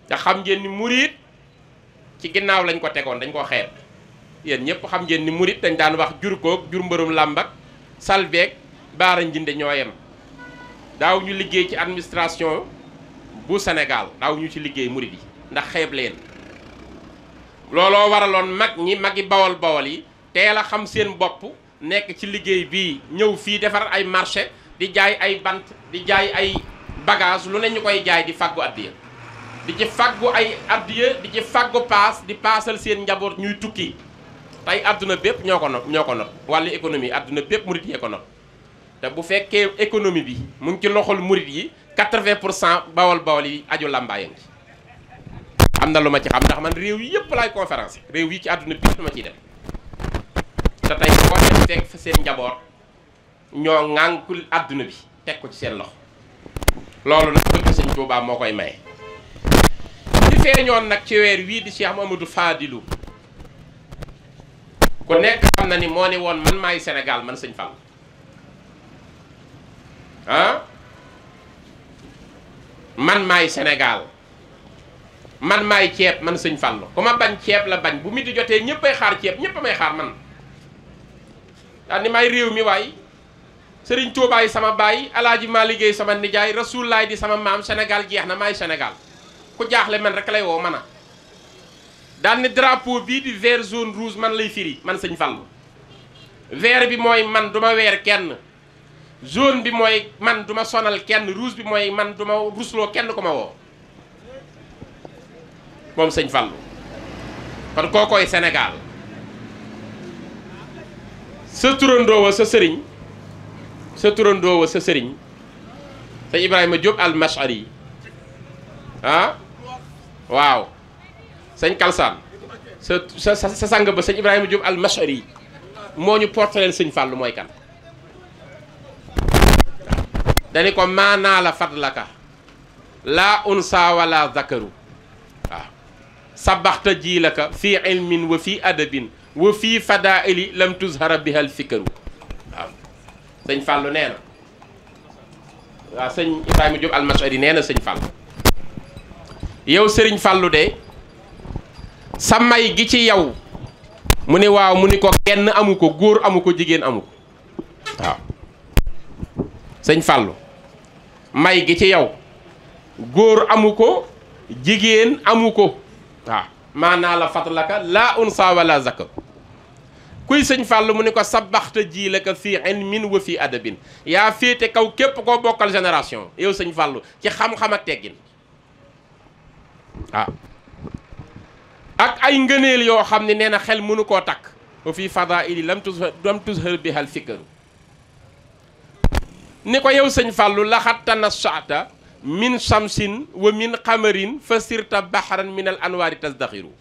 te xam ngeen ni murit ci ginnaaw lañ ko tegoon dañ ko xeeb yéen ñëpp xam ngeen ni murit dañ daan wax jur koog jur mbërum làmbak salveeg baara njinde ñoo yem daaw liggéey ci administration bu Sénégal daaw ci liggéey murit yi ndax xeeb leen looloo waraloon mag ñi magi bawol bawol yi teel a xam seen bopp nekk ci liggéey bii ñëw fii defar ay marché di jaay ay bant di jaay ay bagage lu ne ñu koy jaay di fàggu addiya di ci faggu ay addiya di ci faggu paas di paasal seen njaboot ñuy tukki tey adduna bépp ñoo ko not ñoo ko not wàllu économie adduna bépp murit yee te bu fekkee économie bi mu ngi ci loxol murit yi 80 pour cent bawol bawol yi aju làmbaayam ci am na lu ma ci xam ndax man réew yi yëpp laay conférence réew yi ci adduna bépp lu ma ciy dem te tey boo fekk fa seen njaboot ñoo ŋànkul adduna bi teg ko ci seen loxo loolu nag bëgg sëñ Tuubaa moo koy maye feeñoon nag ci weer wii di Cheikh Mamadou Fadilou ku nekk xam na ni moo ne woon man maay Sénégal man sëñ Fall man maay Sénégal man maay ceeb man sëñ Fall ku ma bañ ceeb la bañ bu mi jotee ñéppay xaar ceeb ñëpp may xaar man daal ni may réew mi waay Sëriñ Tuubaay sama baay Alaaji maa liggéey sama nijaay Rasuul laay di sama maam Sénégal jeex na maay Sénégal ku jaaxle man rek lay woo man a daal ni drapeau bii di vert jaune rouge man lay firi man sëñ Fallu vert bi mooy man duma weer kenn jaune bi mooy man duma sonal kenn rouge bi mooy man duma rusloo kenn ku ma woo moom sëñ Fallu kon kookooy Sénégal sa turandoo sa sëriñ sa sëriñ sa Ibrahima Diop al Mashari ah waaw sëñ Kalsaan sa sa sa sang ba sëñ Ibrahima Diop al-Mashari moo ñu portaleel sëñ Fàllu mooy kan dañu ko maanaa la fadlaka laa unsa wala zakaru waaw sabaxta jii la ka fii ilmin wa fii adabin wa fii fadaili lam tuzhara bihal fikaru waaw sëñ Fàllu nee na waaw sëñ Ibrahima Diop al-Mashari nee na sëñ Fàllu yow sëriñ fàllu de sa may gi ci yow mu ne waaw mu ni ko kenn amu ko góor amu ko jigéen amu ko waaw sëñ fàllu may gi ci yow góor amu ko jigéen amu ko waaw maanaa la fatlaka laa la wala zakka kuy sëñ fàllu mu ne ko sabaxta ji la ka fii ilmin wa fii adabin yaa féete kaw képp ko bokkal génération yow sëñ fàllu ci xam-xam ak teggin waaw ah. ak ay ngëneel yoo xam ne nee xel mënu koo takk wa fii fadaili lam tus lam tushër bihal fikkaru ni ko yow sëñ fàllu laxat tanassata min shamsin wa min xamarin fa sirta bahran min anwaari tasdaxiru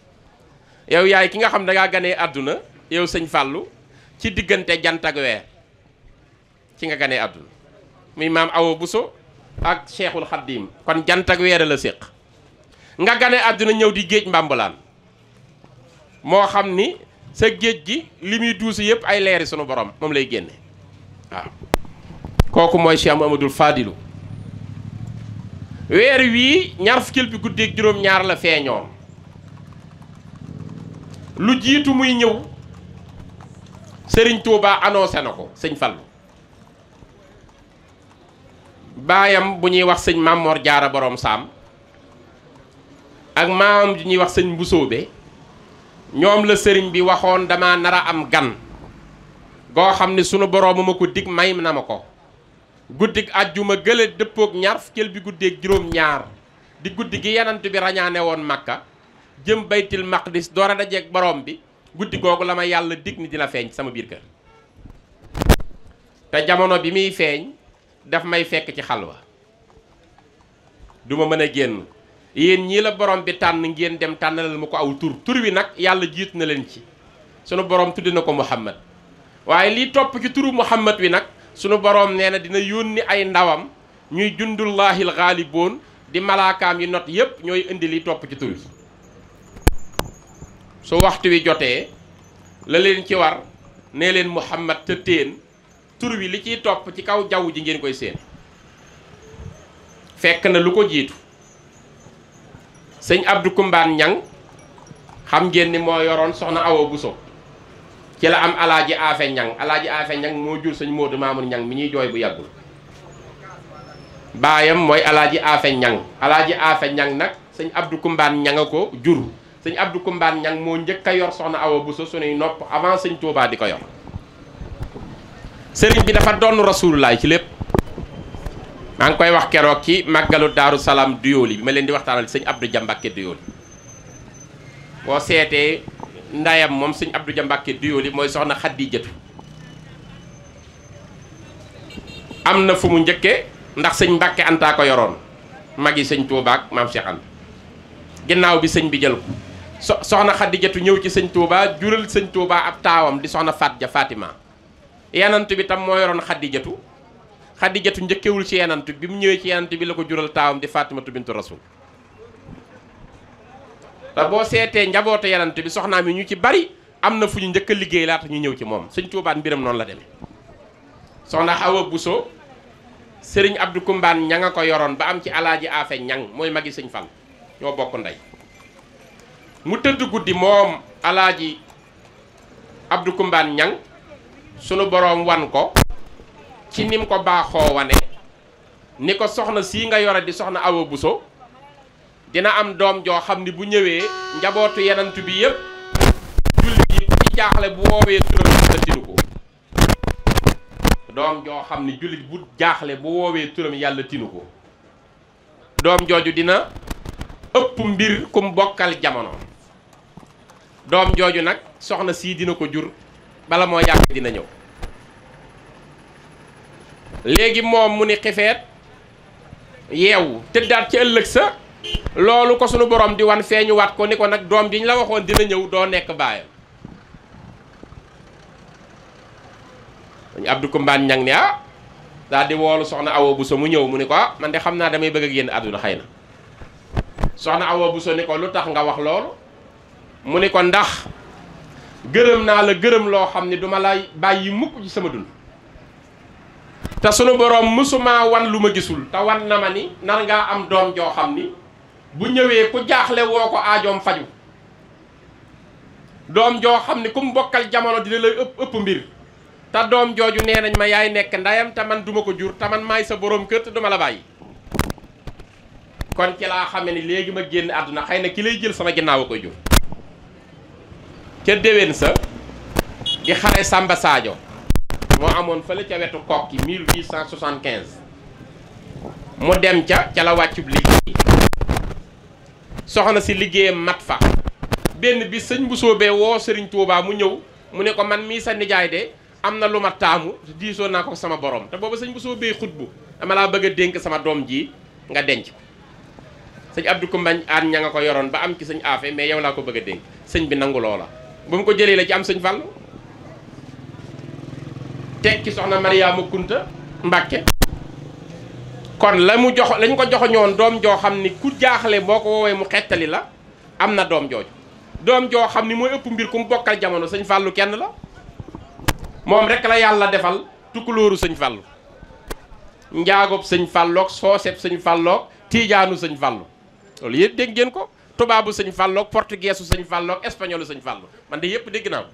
yow yaay ki nga xam dangaa ganee àdduna yow sëñ fàllu ci diggante jant ak weer ci nga ganee àdduna muy maam awo buso ak cheikhul xaddim kon jant ak weer la séq nga gane àddina ñëw di géej mbàmbalaan moo xam ni sa géej gi li muy duusi yëpp ay leeri sunu borom moom lay génne waaw kooku mooy Cheikh Mamadou Fadilou weer wii ñaar fukkil bi guddeeg juróom-ñaar la feeñoon lu jiitu muy ñëw sëriñ Touba annoncé na ko sëñ Fallu baayam bu ñuy wax sëñ Mamor Jaara boroom Saam ak maam ju ñuy wax sëñ Mbusoobe ñoom la sëriñ bi waxoon dama nar a am gan goo xam ne sunu boroom ma ko dig may na ma ko guddig àjjuma gële dëppook ñaar fukkeel bi guddeeg juróom-ñaar di guddi gi yenant bi rañaane woon Makka jëm baytil maqdis door a dajeeg boroom bi guddi googu la ma yàlla dig ni dina feeñ sama biir kër te jamono bi muy feeñ daf may fekk ci xal wa duma mën a génn yéen ñii la borom bi tànn ngeen dem tànnalal ma ko aw tur tur wi nag yàlla jiit na leen ci sunu borom tudde na ko Muhammad waaye lii topp ci turu Muhammad wi nag sunu boroom nee na dina yónni ay ndawam ñuy jundullaahil xaaliboon di malaakaam yi not yépp ñooy indi li topp ci tur wi su waxtu wi jotee la leen ci war nee leen Muhammad te téen tur wi li ciy topp ci kaw jaww ji ngeen koy seen fekk na lu ko jiitu sëñ Abdou Kumbaan Ñang xam ngeen ni moo yoroon soxna Awa Buso ci la am alaaji Afe ñan alaaji Afe Ñang moo jur sëñ Moodu Maamur ñan mi ñuy jooy bu yàggul baayam mooy alaaji Afe Ñang alaaji Afe Ñang nag sëñ Abdou Kumbaan Ñang a ko jur sëñ Abdou Kumbaan Ñang moo njëkk yor soxna Awa Buso suñuy nopp avant sëñ Tuubaa di ko yor sëriñ bi dafa doon rasulullaay ci lépp maa ngi koy wax keroog ci màggalu daaru salaam Duyoli bi ma leen di waxtaanal sëñ Abdou Dia Mbacke boo seetee ndayam moom sëñ Abdou Dia Mbacke Duyoli mooy soxna Xadijatu am na fu mu njëkkee ndax sëñ Mbacke Anta ko yoroon mag magi sëñ Touba ak maam Cheikh Anta ginnaaw bi sëñ bi jël ko so soxna Xadijatu ñëw ci sëñ tuubaa jural sëñ tuubaa ab taawam di soxna Faat ja Fatima yanant bi tam moo yoroon Xadijatu xadijatu njëkkewul ci yenant bi mu ñëwee ci yenant bi la ko jural taawam di fatimatu bintu rasul te boo seetee njabootu yenant bi soxnaam yi ñu ci bari am na fu ñu njëkk a liggéey laata ñu ñëw ci moom sëñ tuubaat mbiram noonu la demee soxna awa buso sëriñ abdu kumbaan ña nga ko yoroon ba am ci alaaji afe ñang mooy magi sañ fan ñoo bokk ndey mu tëdd guddi moom alaaji abdu kumbaan ñang sunu boroom wan ko ci nim ko baaxoo wane ni ko soxna sii nga yore di soxna Awa Bousso dina am doom joo xam ni bu ñëwee njabootu yenant bi yépp jullit yi ci jaaxle bu woowee turam yàlla tinu ko doom joo xam ni jullit bu jaaxle bu woowee turam yàlla tinu ko doom jooju dina ëpp mbir kum bokkal jamono doom jooju nag soxna sii dina ko jur bala moo yàgg dina ñëw léegi moom mu ni xifeet yeewu tëddaat ci ëllëg sa loolu ko sunu boroom di wan feeñuwaat ko ni ko nag doom jiñ la waxoon dina ñëw doo nekk baayam dañu Abdou Kumbaan ñang ah, daal di woolu soxna Awa Buso mu ñëw mu ni ko ah xam naa damay bëgg ak yéen àdduna xëy na soxna Awa Buso ni ko tax nga wax loolu mu ni ko ndax gërëm naa la gërëm loo xam ne duma la bàyyi mukk ci sama dund te sunu boroom mësuma wan lu ma gisul te wan na ma ni nar ngaa am doom joo xam ni bu ñëwee ku jaaxle woo ko aajoom faju doom joo xam ni ku mu bokkal jamono dina lay ëpp ëpp mbir te doom jooju nee nañ ma yaay nekk ndeyam te man duma ko jur te man maay sa boroom kër te duma la bàyyi kon ci laa xame ni léegi ma génn àdduna xëy na ki lay jël sama ginnaaw a koy jur ca déwén sa di xare Samba Sadio moo amoon fële ca wetu kokki 1875 mu dem ca ca la wàccub liggéey soxna si liggéeyam mat fa benn bi sëñ bu Mbusoobe woo Sëriñ Tuubaa mu ñëw mu ne ko man mii sa nijaay de am na lu ma taamu diisoo naa ko sama borom te booba sëñ bu Mbusoobe xutbu dama laa bëgg a dénk sama doom ji nga denc ko sëñ Abdou Koumbañ aan ña nga ko yoroon ba am ci sëñ aafe mais yow laa ko bëgg a dénk sëñ bi nangu loola bu mu ko jëlee la ci am sëñ Fall tekki soxna Mariama Kunta Mbàkke kon la mu jox lañ ko joxoñoon doom joo xam ni ku jaaxle boo ko woowee mu xettali la am na doom jooju doom joo xam ni mooy ëpp mbir ku mu bokkal jamono sañ Fàllu kenn la moom rek la yàlla defal tukkulóoru sëñ Fàllu njaagob sëñ Fàlloog sooseb sëñ Fàlloog tiijaanu sëñ Fàllu loolu yëpp dégg ngeen ko tubaabu sëñ Fàlloog portugais su sëñ Fàlloog espagnolu sëñ Fàllu man de yëpp dégg naa ko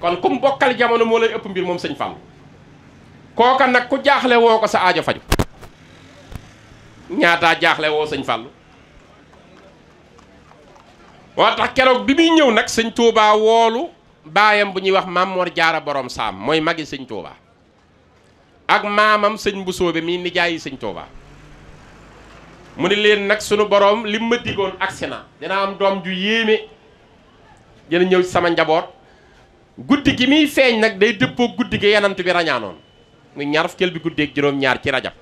kon kum mbokkal jamono moo lay ëpp mbir moom sëñ Fall kooka nag ku jaaxle woo ko sa aajo faju ñaataa jaaxle woo sëñ Fall moo tax keroog bi muy ñëw nag sëñ Touba woolu baayam bu ñuy wax maam Jaara boroom Saam mooy magi sëñ Touba ak maamam sëñ Mbusoobe mi nijaayi sëñ Touba mu ni leen nag sunu boroom li ma digoon agsi na dina am doom ju yéeme dina ñëw sama njaboot. guddi gi muy feeñ nag day dëppoo guddi gi yanant bi rañaanoon muy ñaar fukkeel bi guddeeg juróom-ñaar ci rajab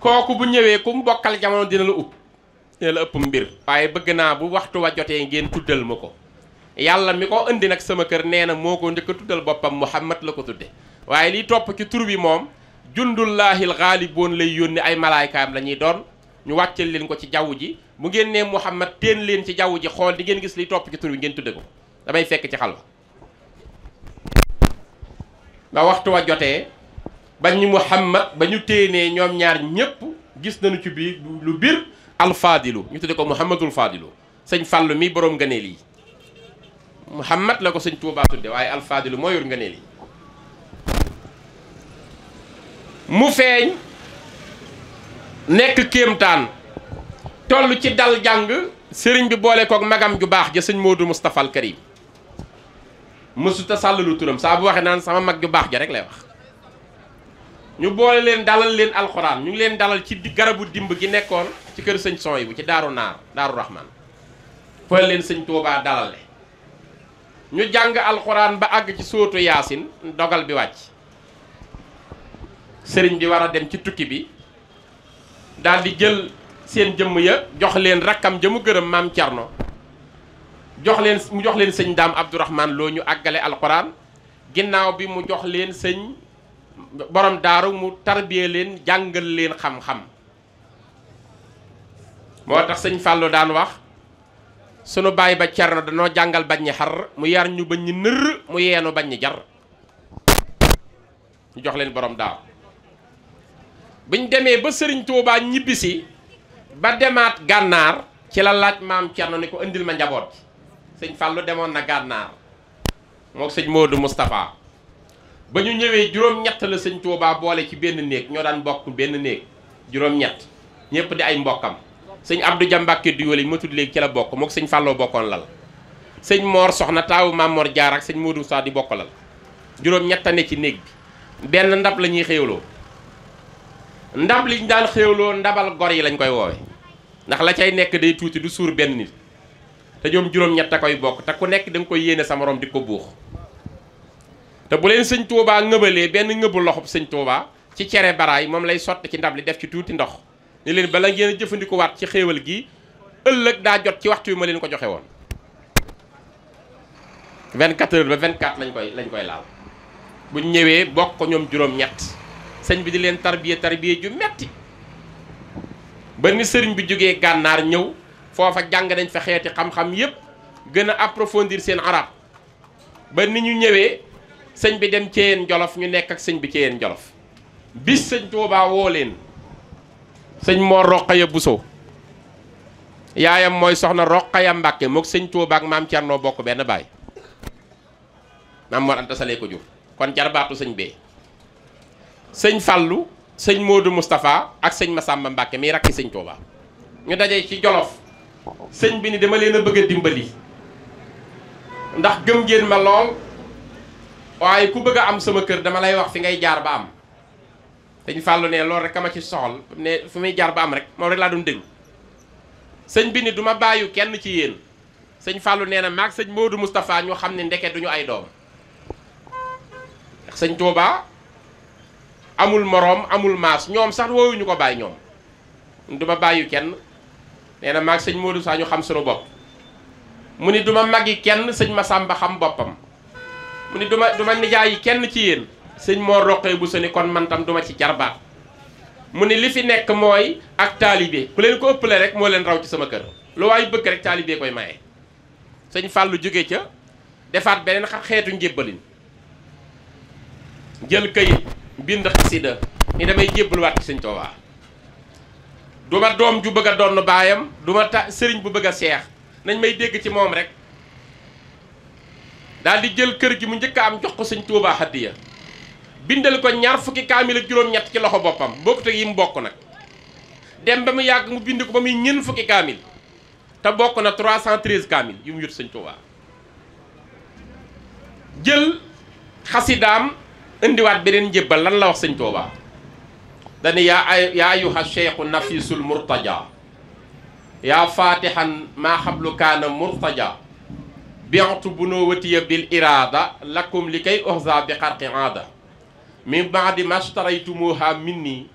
kooku bu ñëwee ku mu bokkal jamono dina la upp dina la ëpp mbir waaye bëgg naa bu waxtu wa jotee ngeen tuddal ma ko yàlla mi koo indi nag sama kër nee na moo ko njëkk a tuddal boppam Muhammad la ko tudde waaye liy topp ci tur bi moom jundullaahil xaaliboon lay yónni ay malaaykaam la ñuy doon ñu wàccal leen ko ci jaww ji bu ngeen nee Muhammad teen leen ci jaww ji xool di ngeen gis liy topp ci tur bi ngeen ko damay fekk ci xal xalwa ba waxtu wa jotee ba ñu muhammad ba ñu téenee ñoom ñaar ñépp gis nañu ci biir lu biir alfaadilu ñu tudde ko muhammadul faadilu sëñ fàllu mi boroom ngëneel yi muhammad la ko sëñ tuubaa waaye alfaadilu moo yor ngëneel yi mu feeñ nekk kéemtaan toll ci dal jàng sëriñ bi boole kook magam ju baax ja sëñ Modou Moustapha al Karim mësuta sàllalu turam saa bu waxee naan sama mag ju baax ja rek lay wax ñu boole leen dalal leen alxuraan ñu ngi leen dalal ci garabu dimb gi nekkoon ci kër sëñ son yi bu ci daaru naar daaru rahman fooy leen sëñ Tuubaa dalal ñu jàng alxuraan ba àgg ci sóotu yaasin dogal bi wàcc sëriñ bi war a dem ci tukki bi daal jël seen jëmm ya jox leen rakkam jëmu gërëm maam Cerno jox leen mu jox leen sëñ daam abdourahman loo ñu àggale alquran ginnaaw bi mu jox leen sëñ borom daaru mu tarbiye leen jàngal leen xam-xam moo tax sëñ fàllu daan wax sunu bàyyi ba cerno danoo jàngal bañ ñi xar mu yar ñu bañ ñi nër mu yeenu bañ ñi jar ñu jox leen borom daaru biñ demee ba sëriñ tuubaa ñibbisi ba demaat gànnaar ci la laaj maam cerno ni ko indil ma njaboot sëñ Fallou demoon na gànnaar mook sëñ moodu Moustapha ba ñu ñëwee juróom-ñett la sëñ Touba boole ci benn néeg ñoo daan bokk benn néeg juróom-ñett ñëpp di ay mbokkam sëñ Abdou Diambacke du yoole yi ma tudd léegi ci la bokk mook sëñ Fallou bokkoon lal sëñ moor soxna taawu Maam Jaar ak sëñ Modou Moustapha di bokk lal juróom-ñett ne ci néeg bi benn ndab lañuy ñuy ndab liñ daan xéewloo ndabal gor yi lañ koy woowe ndax la cay nekk day tuuti du suur benn nit te ñoom juróom-ñett a koy bokk te ku nekk danga ko koy yéene sa morom di ko buux te bu leen sëñ Touba ngëbalee benn ngëbu loxob sëñ Touba ci cere baraay moom lay sotti ci ndab li def ci tuuti ndox ni leen bala ngeen a jëfandikuwaat ci xéewal gi ëllëg daa jot ci waxtu wi ma leen ko joxe woon 24 heures ba 24 lañ koy lañ koy laal buñ ñëwee bokk ko ñoom juróom-ñett sëñ bi di leen tarbiye tarbiye ju metti ba ni sëriñ bi jógee gànnaar ñëw foofa jàng dañ fa xeeti xam-xam yépp gën a approfondir seen arab ba ni ñu ñëwee sëñ bi dem Ceyeen Jolof ñu nekk ak sëñ bi Ceyeen Jolof bis sëñ Tuubaa woo leen sëñ Mor Roqaya Buso yaayam mooy soxna Roqaya Mbàkke mook sëñ Tuubaa ak maam Cerno bokk benn baay maam Mor Anta ko jur kon jarbaatu sëñ bee sëñ Fallu sëñ Moodu Moustapha ak sëñ Masamba Mbàkke mii rakki sëñ Tuubaa ñu daje ci Jolof sëñ bi ni dama leen bëgg a dimbali ndax gëm ngeen ma lool waaye ku bëgg a am sama kër dama lay wax fi ngay jaar ba am sëñ Fallou ne loolu rek ama ci soxal ne fu muy jaar ba am rek moom rek laa du déglu sëñ bi ni du bàyyi kenn ci yéen sëñ Fallou nee na maag sëñ Modou Moustapha ñu xam ne ndeke duñu ay doom ndax sëñ Touba amul moroom amul maas ñoom sax woowuñu ko bàyyi ñoom du bàyyi kenn. nee na maag sëñ Modou saa ñu xam sunu bopp mu ni duma magi kenn sëñ ma Masamba xam boppam mu ni duma duma nijaayi kenn ci yéen sëñ moo roqee bu sëni kon man tam duma ci jarbaat mu ni li fi nekk mooy ak taalibe ku leen ko ëppale rek moo leen raw ci sama kër lu waay bëgg rek taalibe koy maye sëñ fàllu jóge ca defaat beneen xeetu njébbalin jël këyit bind xasida ni damay jébbaluwaat ci sëñ Tuubaa du doom ju bëgg a donn baayam du ma ta sëriñ bu bëgg a seex nañ may dégg ci moom rek daal di jël kër gi mu njëkk a am jox ko sëñ Tuubaa hadiya bindal ko ñaar fukki kaamil ak juróom-ñett ci loxo boppam bokkut ak yi mu bokk nag dem ba mu yàgg mu bind ko ba muy ñen fukki kaamil te bokk na 313 kaamil yu mu yut sañ Tuubaa jël xasidaam indiwaat beneen njébbal lan la wax sëñ Tuubaa dani yaa ay yaa ayuha cheikhu nafisul murtaja yaa fatihan maa xablu kaana murtaja bientu bu noo watiya bil iraada lakum li kay ohza bi xarqi aada min baadi mastaraytumuha minni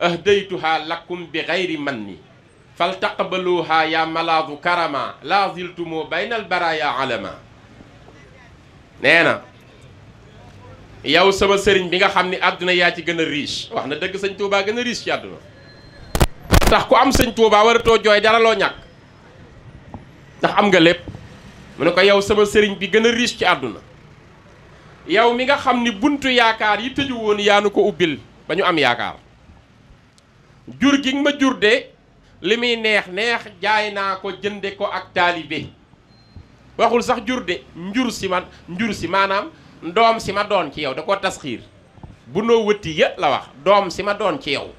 ahdaytuha lakum bi gayri manni faltaqbaluha ya malaadu karama la ziltumu bayna al baraya alama nee na yow sama sëriñ bi nga xam ni àdduna yaa ci gën a riche wax na dëgg sëñ Touba gën a riche ci àdduna tax ku am sëñ Touba waratoo jooy dara loo ñàkk ndax am nga lépp mu ne ko yow sama sëriñ bi gën a riche ci àdduna yow mi nga xam ni buntu yaakaar yi tëju woon yaa nu ko ubbil ba ñu am yaakaar jur gi ma jur de li muy neex neex jaay naa ko jënde ko ak taalibe waxul sax jur de si man njur si maanaam doom si ma doon ci yow da koo tasxiir bu noo wëtti ya la wax doom si ma doon ci yow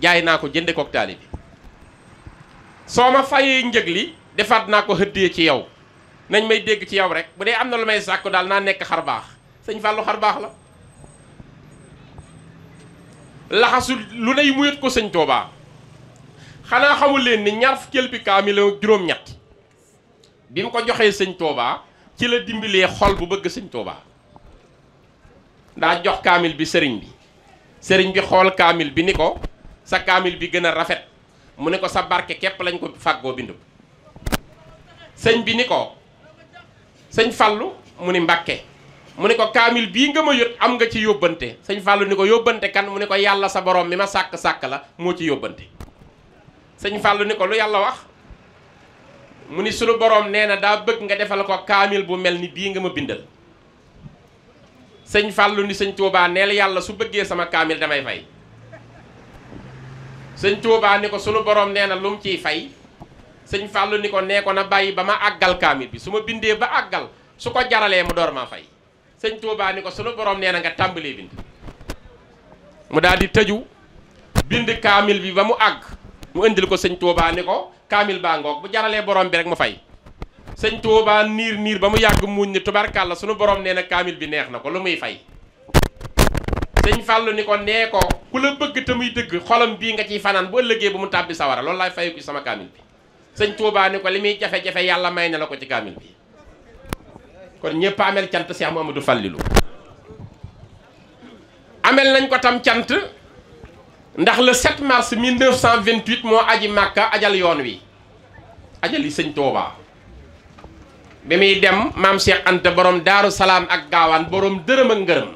jaay naa ko jënde kook taali soo ma fayee njëg li defaat naa ko hëddee ci yow nañ may dégg ci yow rek bu dee am na lu may sàkku daal naa nekk xar baax sëñ Fallou xar baax la laxasu lu ney muyet ko sëñ Tuubaa xanaa xamul leen ni ñaar fukkeel bi kaamil juróom-ñett bi mu ko joxee sëñ Tuubaa ci la dimbilee xol bu bëgg sëñ Tuubaa daa jox kaamil bi sëriñ bi sëriñ bi xool kaamil bi ni ko sa kaamil bi gën a rafet mu ne ko sa barke képp lañ ko fàggoo bindu ko sëñ bi ni ko sëñ Fallu mu ni Mbàkke mu ne ko kaamil bii nga ma yót am nga ci yóbbante sëñ Fallu ni ko yóbbante kan mu ne ko yàlla sa borom mi ma sàkk-sàkk la moo ci yóbbante sëñ Fallu ni ko lu yàlla wax mu ni sunu borom nee na daa bëgg nga defal ko kaamil bu mel ni bii nga ma bindal sëñ Fallou ni sëñ Touba neel yàlla su bëggee sama kaamil damay fay sëñ Touba ni ko sunu borom nee na lum ciy fay sëñ Fallou ni ko nee ko na bàyyi ba ma àggal kaamil bi su ma bindee ba àggal su ko jaralee mu door maa fay sëñ Touba ni ko sunu borom nee na nga tàmbalee bind. mu daldi tëju bind kaamil bi ba mu àgg mu indil ko sëñ Touba ni ko kaamil baa ngoog bu jaralee borom bi rek mu fay. sëñ Tuubaa niir niir ba mu yàgg muuñ ni tubarkàlla suñu borom nee na kaamil bi neex na ko lu muy fay sëñ Fàllu ni ko nee ko ku la bëgg te muy dëgg xolam bii nga ciy fanaan bu ëllëgee bu mu tàbbi sawara loolu laay fayeku sama kaamil bi sëñ Tuubaa ni ko li muy jafe-jafe yàlla may na la ko ci kaamil bi kon ñëpp amel cant Seex Muhamadu Fàllilu amel nañ ko tam cant ndax le 7 vingt 1928 moo aji màkk ajal yoon wi ajal yi sëñ Tuubaa bi muy dem maam Cheikh Anta borom daaru salaam ak gaawaan borom dërëm ak ngërëm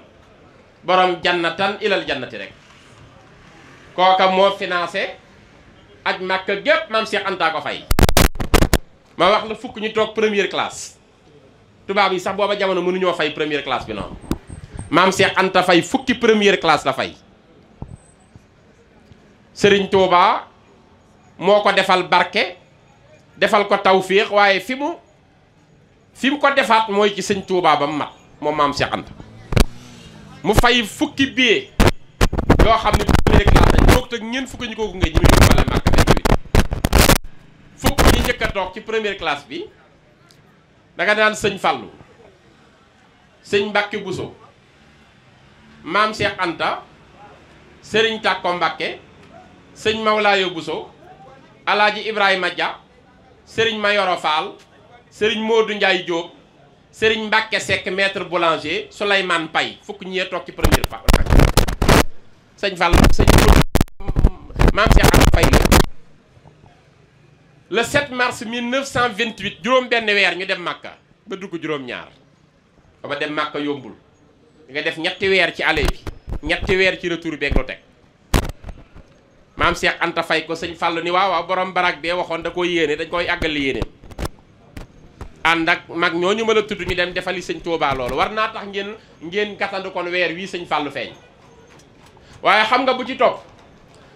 borom jannatan ilal jannati rek kooka moo financé ak Makka gépp maam Cheikh ko fay. ma wax la fukk ñu toog première classe tubaab yi sax booba jamono mënuñoo fay première classe bi noonu maam Cheikh Anta fay fukki première classe la fay sëriñ Touba moo ko defal barke defal ko tawfiix waaye fi mu. fi mu ko defaat mooy ci sëñ Touba ba mu mat moom maam Cheikh mu fay fukki billet yoo xam ne bii rek laata ñëw te ñeent fukki ñu ko gunge ñu ngi wala toog ci première classe bi da nga daan sëñ Fallou sëñ Mbacke Bousso maam Cheikh Anta Serigne Tako Mbacke sëñ Mawlaayo Bousso El Ibrahima Dia sëriñ Mayoro Fall. sëriñ du Ndiaye Diop sëriñ Mbacke Seck maître boulanger Souleymane Paye fukk ñee toog ci première part sëñ Fall sëñ maam Cheikh Anta Paye la le 7 mars 1928 juróom benn weer ñu dem Màkka ba dugg juróom-ñaar ba dem Màkka yombul nga def ñetti weer ci aller bi ñetti weer ci retour beeg lu teg maam Cheikh Anta Faye ko sëñ Fall ni waaw waaw borom barak bee waxoon da koo yéene dañ koy àggali yéeneem ànd ak mag ñooñu mën a tudd ñu dem defali sëñ Touba loolu war naa tax ngeen ngeen gàttandu weer wii sëñ Fallou feeñ waaye xam nga bu ci topp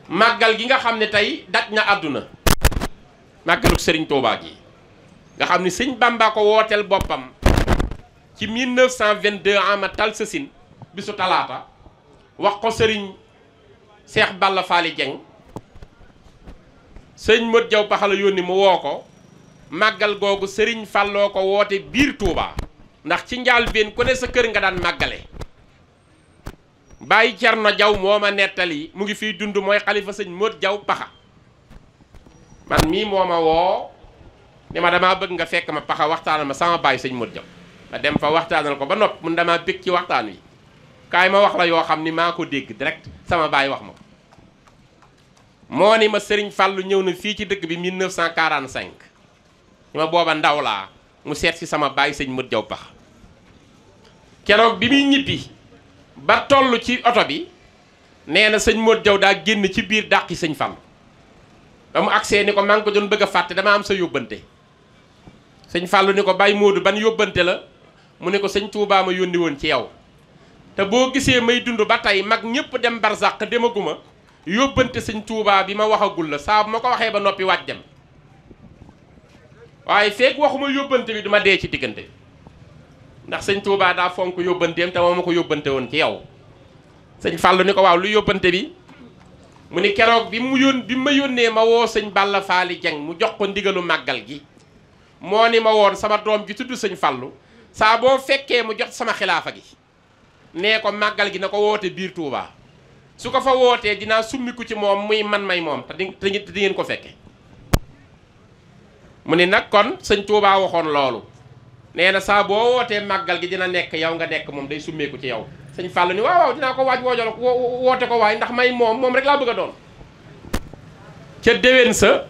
màggal gi nga xam ne tey daj na àdduna màggaluk sëriñ Touba gi nga xam ne sëñ Bamba ko wooteel boppam ci 1922 ama tal sësin bisu talaata wax ko sëriñ Cheikh Balla Faali Dieng sëñ Modou Diaw Paxala yónni mu woo ko màggal googu sëriñ fàlloo ko woote biir Touba ndax ci njaal benn ku ne sa kër nga daan màggale bàyyi na Jaw moo ma nettali mu ngi fiy dund mooy xalifa sëñ Móot Jaw paxa man mii moo ma woo ni ma damaa bëgg nga fekk ma paxa waxtaanal ma sama bàyyi sëñ Móot Jaw ma dem fa waxtaanal ko ba nopp mun damaa bëgg ci waxtaan wi kaay ma wax la yoo xam ni maa ko dégg direct sama bàyyi wax ma ko moo ni ma sëriñ fàllu ñëw na fii ci dëkk bi 1945 ma booba ndaw laa mu seet si sama baay sëñ mët jaw pax keroog bi muy ñibbi ba toll ci oto bi nee na sëñ moot jaw daa génn ci biir dàqi sëñ Fall ba mu agsee ni ko maa ngi doon bëgg a fàtte dama am sa yóbbante sëñ Fall ni ko Baye Modou ban yóbbante la mu ne ko sëñ Touba ma yónni woon ci yow te boo gisee may dund ba tey mag ñëpp dem barzaq demaguma yóbbante sëñ tuubaa bi ma waxagul la saa bu ma ko waxee ba noppi waaj dem waaye feeg waxuma yóbbante bi duma dee ci diggante ndax sëñ tuubaa daa fonk yóbbanteem te moo ma ko yóbbante woon ci yow sëñ Fallou ni ko waaw lu yóbbante bi mu ni keroog bi mu yón bi ma yónnee ma woo sëñ Balla Faali Jeng mu jox ko ndigalu màggal gi moo ni ma woon sama doom ji tudd sëñ Fallou saa boo fekkee mu jox sama xilaafa gi nee ko màggal gi na ko woote biir tuubaa su ko fa wootee dinaa summiku ci moom muy man may moom te di ngeen ko fekke mu ne nag kon sëñ Tuubaa waxoon loolu nee na saa boo wootee màggal gi dina nekk yaw nga nekk moom day summeeku ci yow sëñ Fàllu ni waaw waaw dinaa ko waaj woojal woote ko waay ndax may moom moom rek laa bëgg a doon ca déwén sa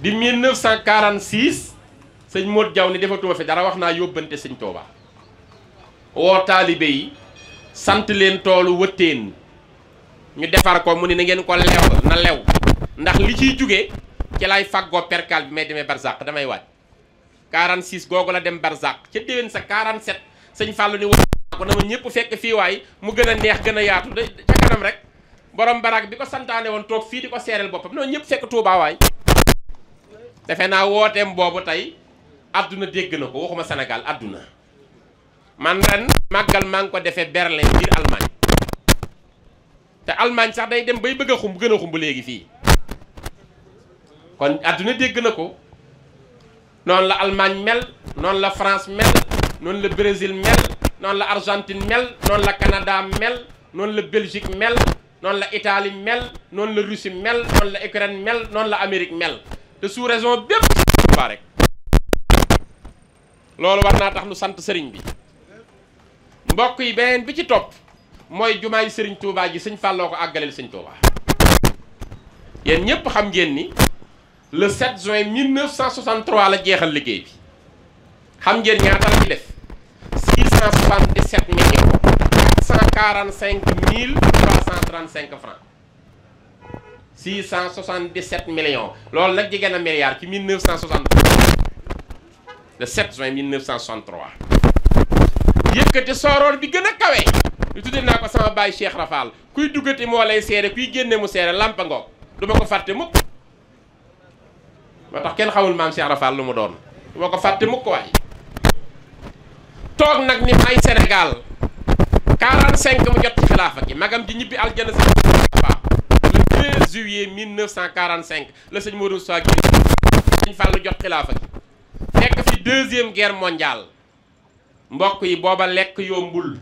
di 1946 sëñ Modou Diaw ni defatuma fi dara wax naa yóbbante sëñ Tuubaa woo taalibe yi sant leen toolu wëttéen ñu defar ko mu ne na ngeen ko lew na lew ndax li ciy jóge ci laay fàggoo perkaal bi may demee barzaq damay waaj 46 googu la dem barzaq ca déwén sa 47 sëñ Fallou ni waa na ma ñëpp fekk fii waay mu gën a neex gën a yaatu da ca kanam rek borom barak bi ko santaane woon toog fii di ko seereel boppam noonu ñëpp fekk Touba waay defe naa wooteem boobu tey àdduna dégg na ko waxuma Sénégal adduna man ren màggal maa ngi ko defee Berlin biir Allemagne te Allemagne sax day dem bay bëgga xumb gën a xumb léegi fii kon àdduna dégg na ko noonu la Allemagne mel noonu la France mel noonu la Brésil mel noonu la Argentine mel noonu la Canada mel noonu la Belgique mel noonu la Italie mel noonu la Russie mel noonu la Ukraine mel noonu la Amérique mel te sous raison bépp Tuubaa sant sëriñ bi mbokk yi beneen bi ci topp mooy jumaay sëriñ Tuubaa ji sëñ Falloo ko àggaleel sëñ Tuubaa yéen ñëpp xam ngeen le 7 juin 1963 la jeexal liggéey bi xam ngeen ñaata la ci def 677 millions 445 mille 335 francs 677 loolu nag jege na milliard ci 1963 le 7 juin 1963 yëkkati sooroor bi gën a kawe lu tuddee naa ko sama baay Cheikh Rafal kuy duggati moo lay seere kuy génne mu seere lampa ngoog du ko fàtte mukk moo tax kenn xamul maam Cheikh Rafal lu mu doon moo ko fàtte mukk waay toog nag ni may Sénégal 45 mu jot ci xilaafa gi magam ji ñibbi aljana si le 2 juillet 1945 la sëñ Modou Moussa Guèye sëñ jot xilaafa gi nekk fi deuxième guerre mondiale mbokk yi booba lekk yombul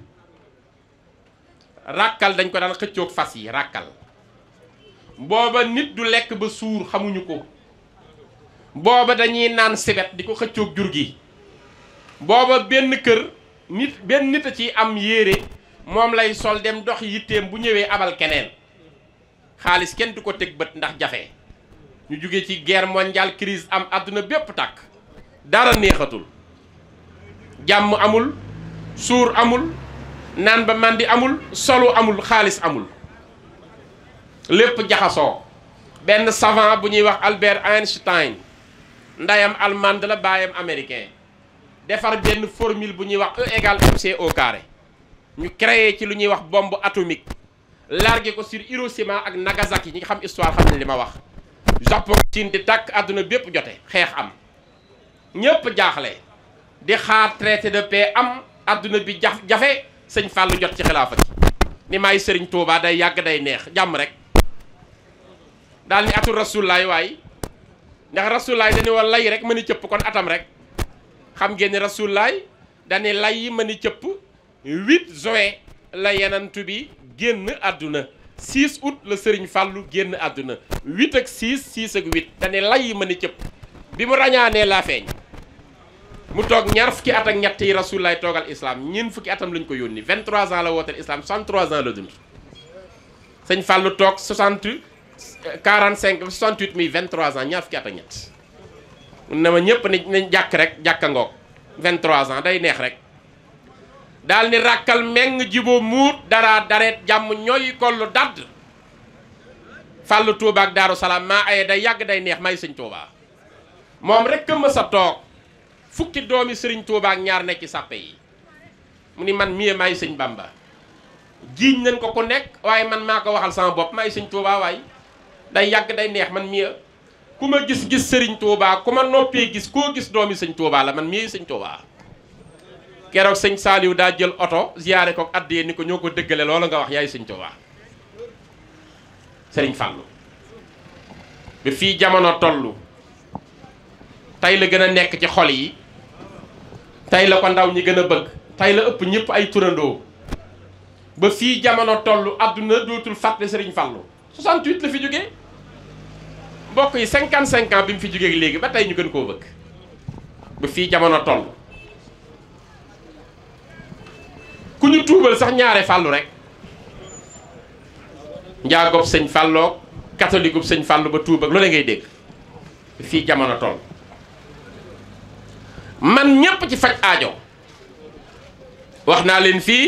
ràkkal dañ ko daan xëccoog fas yi ràkkal booba nit du lekk ba suur xamuñu ko booba dañuy naan sibet di ko xëccoog jur gi booba benn kër nit benn nit a ci am yére moom lay sol dem dox yitteem bu ñëwee abal keneen xaalis kenn du ko teg bët ndax jaxe ñu jóge ci guerre mondiale crise am àdduna bépp takk dara neexatul jàmm amul suur amul naan ba màndi amul solo amul xaalis amul lépp jaxasoo benn savant bu ñuy wax Albert Einstein ndayam allemande la baayam américain defar benn formule bu ñuy wax E égale mc au carré ñu créé ci lu ñuy wax bombe atomique largué ko sur Hiroshima ak Nagasaki ñi nga xam histoire xam ne li ma wax Japon Chine di tàkk àdduna bépp jote xeex am ñépp jaaxle di xaar traité de p am àdduna bi jaf jafe sëñ Fallou jot ci xilaafa gi ni maay sëriñ Touba day yàgg day neex jàmm rek daal ni atul rasululaay waay ndax rasulaay dañu woon lay rek mën a cëpp kon atam rek xam ngeen ni rasulaay dañu lay mën a cëpp 8 juin la yenantu bi génn àdduna 6 août la sëriñ fàllu génn àdduna 8 ak 6 6 ak 8 dañu lay mën a cëpp bi mu rañaanee laa feeñ mu toog ñaar fukki at ak ñett yi rasulaay toogal islam ñeent fukki atam lañ ko yónni 23 ans la wooteel islam 63 ans la dund sëñ fàllu toog 45 68 muy 23 ans ñaar fukki at ak ñett na ma ñëpp ni nañ jàkk rek jàkka ngoog 23 ans day neex rek daal ni ràkkal meng jibo muut dara dareet jàmm ñooy kollu dadd fàllu Touba ak Daaru Salaam maa aye day yàgg day neex may sëñ Touba moom rek ka sa a toog fukki doomi sëriñ Touba ñaar nekk ci sàppe yi mu ni man mii may sëñ Bamba jiiñ nañ ko ku nekk waaye man maa ko waxal sama bopp may sëñ Touba waaye day yàgg day neex man mii ku ma gis-gis sëriñ Touba ku ma noppee gis koo gis doomi sëñ Touba la man mii sëñ Touba keroog sëñ Saaliw daa jël oto ziyaare ko addee ni ko ñoo ko déggale loola nga wax yaay sëñ Touba sëriñ Fallou bi fii jamono toll tey la gën a nekk ci xol yi tey la ko ndaw ñi gën a bëgg tey la ëpp ñëpp ay turandoo ba fii jamono toll àdduna dootul fàtte sëriñ Fallou 68 la fi jógee mbokk yi 55 ans bi mu fi jógee léegi ba tey ñu gën koo bëgg ba fii jamono toll ku ñu tuubal sax ñaari fàllu rek njaagob sëñ fàlloog katolikub sëñ fàllu ba tuubag lu ne ngay dégg fii jamono toll man ñépp ci faj aajo wax naa leen fii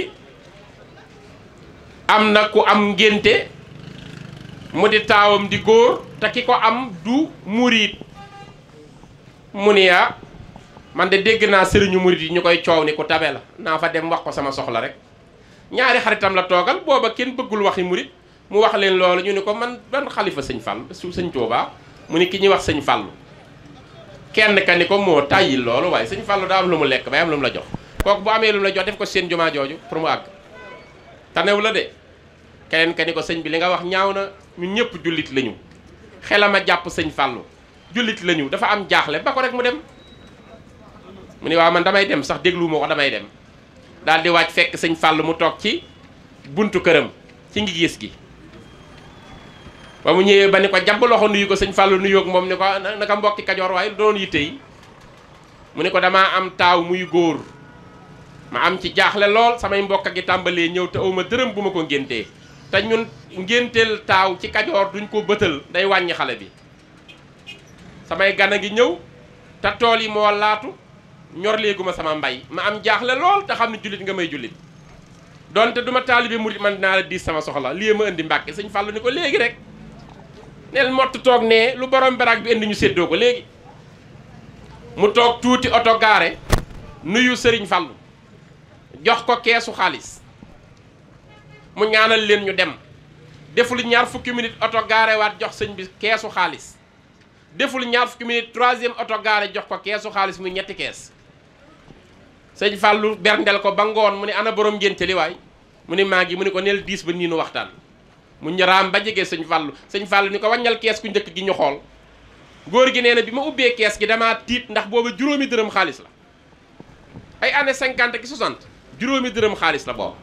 am na ku am ngénte mu di taawam di góor te ki ko am du murit mu ni yaa ah, man de dégg naa sëriñu murit yi ñu koy coow ni ku tabe la naa fa dem wax ko sama soxla rek ñaari xaritam la toogal booba kenn bëggul waxi murit mu wax leen loolu ñu ni ko man ban xalifa sëñ Fall su sëñ Tuubaa mu ni ki ñuy wax sëñ Fallu kenn ka ni ko moo tàyyil loolu waaye sëñ Fallu daa am lu mu lekk bay am lu mu la jox kooku bu amee lu mu la jox def ko seen jumaa jooju pour mu àgg tanew la de ko sëñ bi li nga wax ñaaw ñun ñëpp jullit lañu xelam a jàpp sëñ fàllu jullit lañu dafa am jaaxle ba ko rek mu dem mu ne waa man damay dem sax déglu ma ko damay dem daal di waaj fekk sañ fàllu mu toog ci buntu këram ci ngi gis gi ba mu ñëwee ba ne ko jàpp loxo nuyu ko sëñ fàllu nuyoog moom ni ko ah, naka mbokki kajoor waaye doon yitte yi mu ne ko damaa am taaw muy góor ma am ci jaaxle lool samay mbokk gi tàmbalee ñëw te awma dërëm bu ma ko ngéntee te ñun ngénteel taaw ci kajoor duñ ko bëtal day wàññi xale bi samay gan a ngi ñëw te tool yi moo laatu ñor léeguma sama mbay ma am jaaxle lool te xam ne jullit nga may jullit donte duma taalibe mu man dinaa la diis sama soxla lii ma indi mbàkke sëñ Fàllu ni ko léegi rek neel mott toog nee lu borom baraag bi indi ñu séddoo ko léegi mu toog tuuti oto gaare nuyu sëriñ Fàllu jox ko keesu xaalis mu ñaanal leen ñu dem deful ñaar fukki minute oto gaarewaat jox sëñ bi keesu xaalis deful ñaar fukki minute troisième oto gaare jox ko keesu xaalis muy ñetti kees sëñ Fallou berndel ko ba ngoon mu ne ana borom ngénte li waay mu ne maa ngi mu ne ko nel diis ba nii waxtaan mu ñaraam ba jege sëñ Fallou sëñ Fallou ni ko wàññal kees ku njëkk gi ñu xool góor gi nee na bi ma ubbee kees gi damaa tiit ndax booba juróomi dërëm xaalis la ay année cinquante ki soixante juróomi dërëm xaalis la booba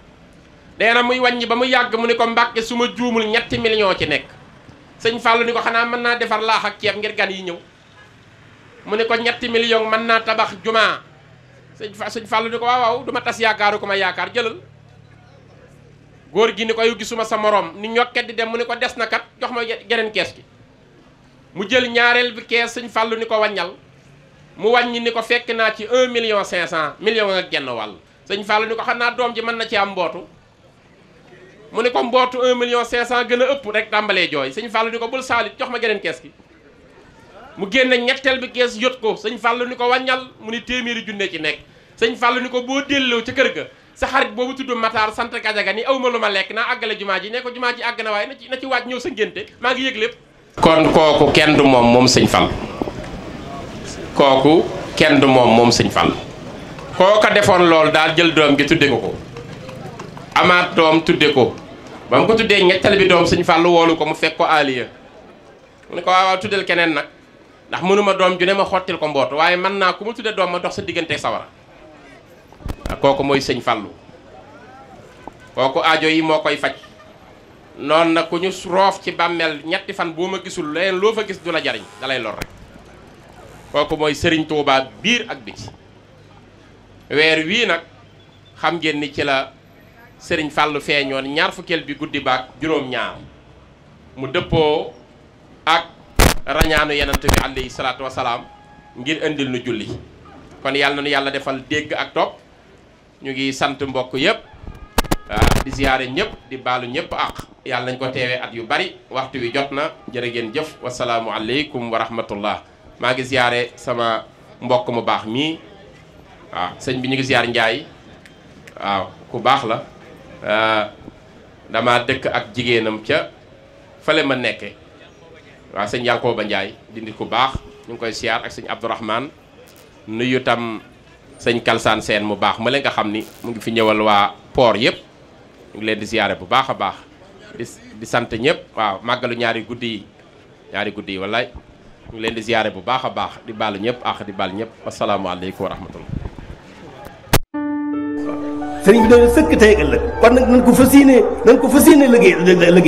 nee na muy wàññi ba mu yàgg mu ne ko mbàkke suma ma juumul ñetti million ci nekk sëñ Fallou ni ko xanaa mën naa defar laax ak ceeb ngir gan yi ñëw mu ne ko ñetti million mën naa tabax jumaa sëñ sëñ Fallou ni ko waaw waaw tas yaakaaru ko ma yaakaar jëlal góor gi ni ko yu gisuma sa morom ni ñokket di dem mu ne ko des na kat jox ma geneen kees gi mu jël ñaareel bi kees sëñ Fallou ni ko wàññal mu wàññi ni ko fekk naa ci un million cinq cent million ak genn wàll sëñ Fallou ni ko naa doom ji mën na ci mbootu mu ne ko mbootu 1 million 500 gën a ëpp rek tàmbalee jooy sëñ Fallou ni ko bul saalit jox ma geneen kees gi mu génne ñetteel bi kees yot ko sañ Fallou ni ko wàññal mu ni téeméeri junne ci nekk sëñ Fallou ni ko boo delloo ci kër ga sa xarit boobu tudd Matar sant Kajaga ni awma lu ma lekk naa àggale jumaa ji ne ko jumaa ji àgg na waaye na ci na ci waaj ñëw sa ngénte maa ngi yëg lépp kon kooku kenn du moom moom sañ Fallou kooku kenn du moom moom sëñ Fallou koo ko defoon loolu daal jël doom gi tudde ko ko amaat doom tudde ko ba mu ko tuddee ñetteel bi doom sëñ Fallou woolu ko mu fekk ko Aliya mu ne ko waaw waaw keneen nag ndax mënuma doom ju ne ma xottil ko mboot waaye mën naa ku ma tudde doom ma dox sa diggante sawara kooku mooy sëñ Fallou kooku ajo yi moo koy faj noon na ku ñu roof ci bàmmeel ñetti fan boo ma gisul leen loo fa gis du la jariñ dalay lor rek kooku mooy sëriñ Touba biir ak biti weer wii nag xam ngeen ci la sëriñ Fàllu feeñoon ñaar fukkel bi guddi baak juróom-ñaar mu dëppoo ak rañaanu yenant bi alayhi salaatu wasalaam ngir indil nu julli kon yàlla nu yàlla defal dégg ak topp ñu ngi sant mbokk yépp ah, di ziyaare ñëpp di baalu ñëpp ak yàlla nañ ko teewee at yu bari waxtu wi jot na jërë ngeen jëf wasalaamu aleykum wa maa ngi ziyaare sama mbokk mu baax mii waaw ah, sëñ bi ñu ngi ziyaar Njaay waaw ku baax la Euh, dama dëkk ak jigéenam ca fale ma nekke waaw sëñ Yankooba Njaay di nit ku baax ñu ngi koy siyaar ak sëñ Abdourahman nuyu tam sëñ Kalsaan Seen mu baax ma leen nga xam ni mu ngi fi ñëwal waa port yëpp ñu leen di siyaare bu baax a baax di di sant ñëpp waaw màggalu ñaari guddi yi ñaari guddi yi wallaay ñu ngi leen di siyaare bu baax a baax di baalu ñëpp ak di baal ñëpp asalaamaaleykum wa rahmatullah sëriñ bi doon sëkk tey ak ëllëg kon nag nañ ko fas yéene nañ ko fas yéene liggéey liggéey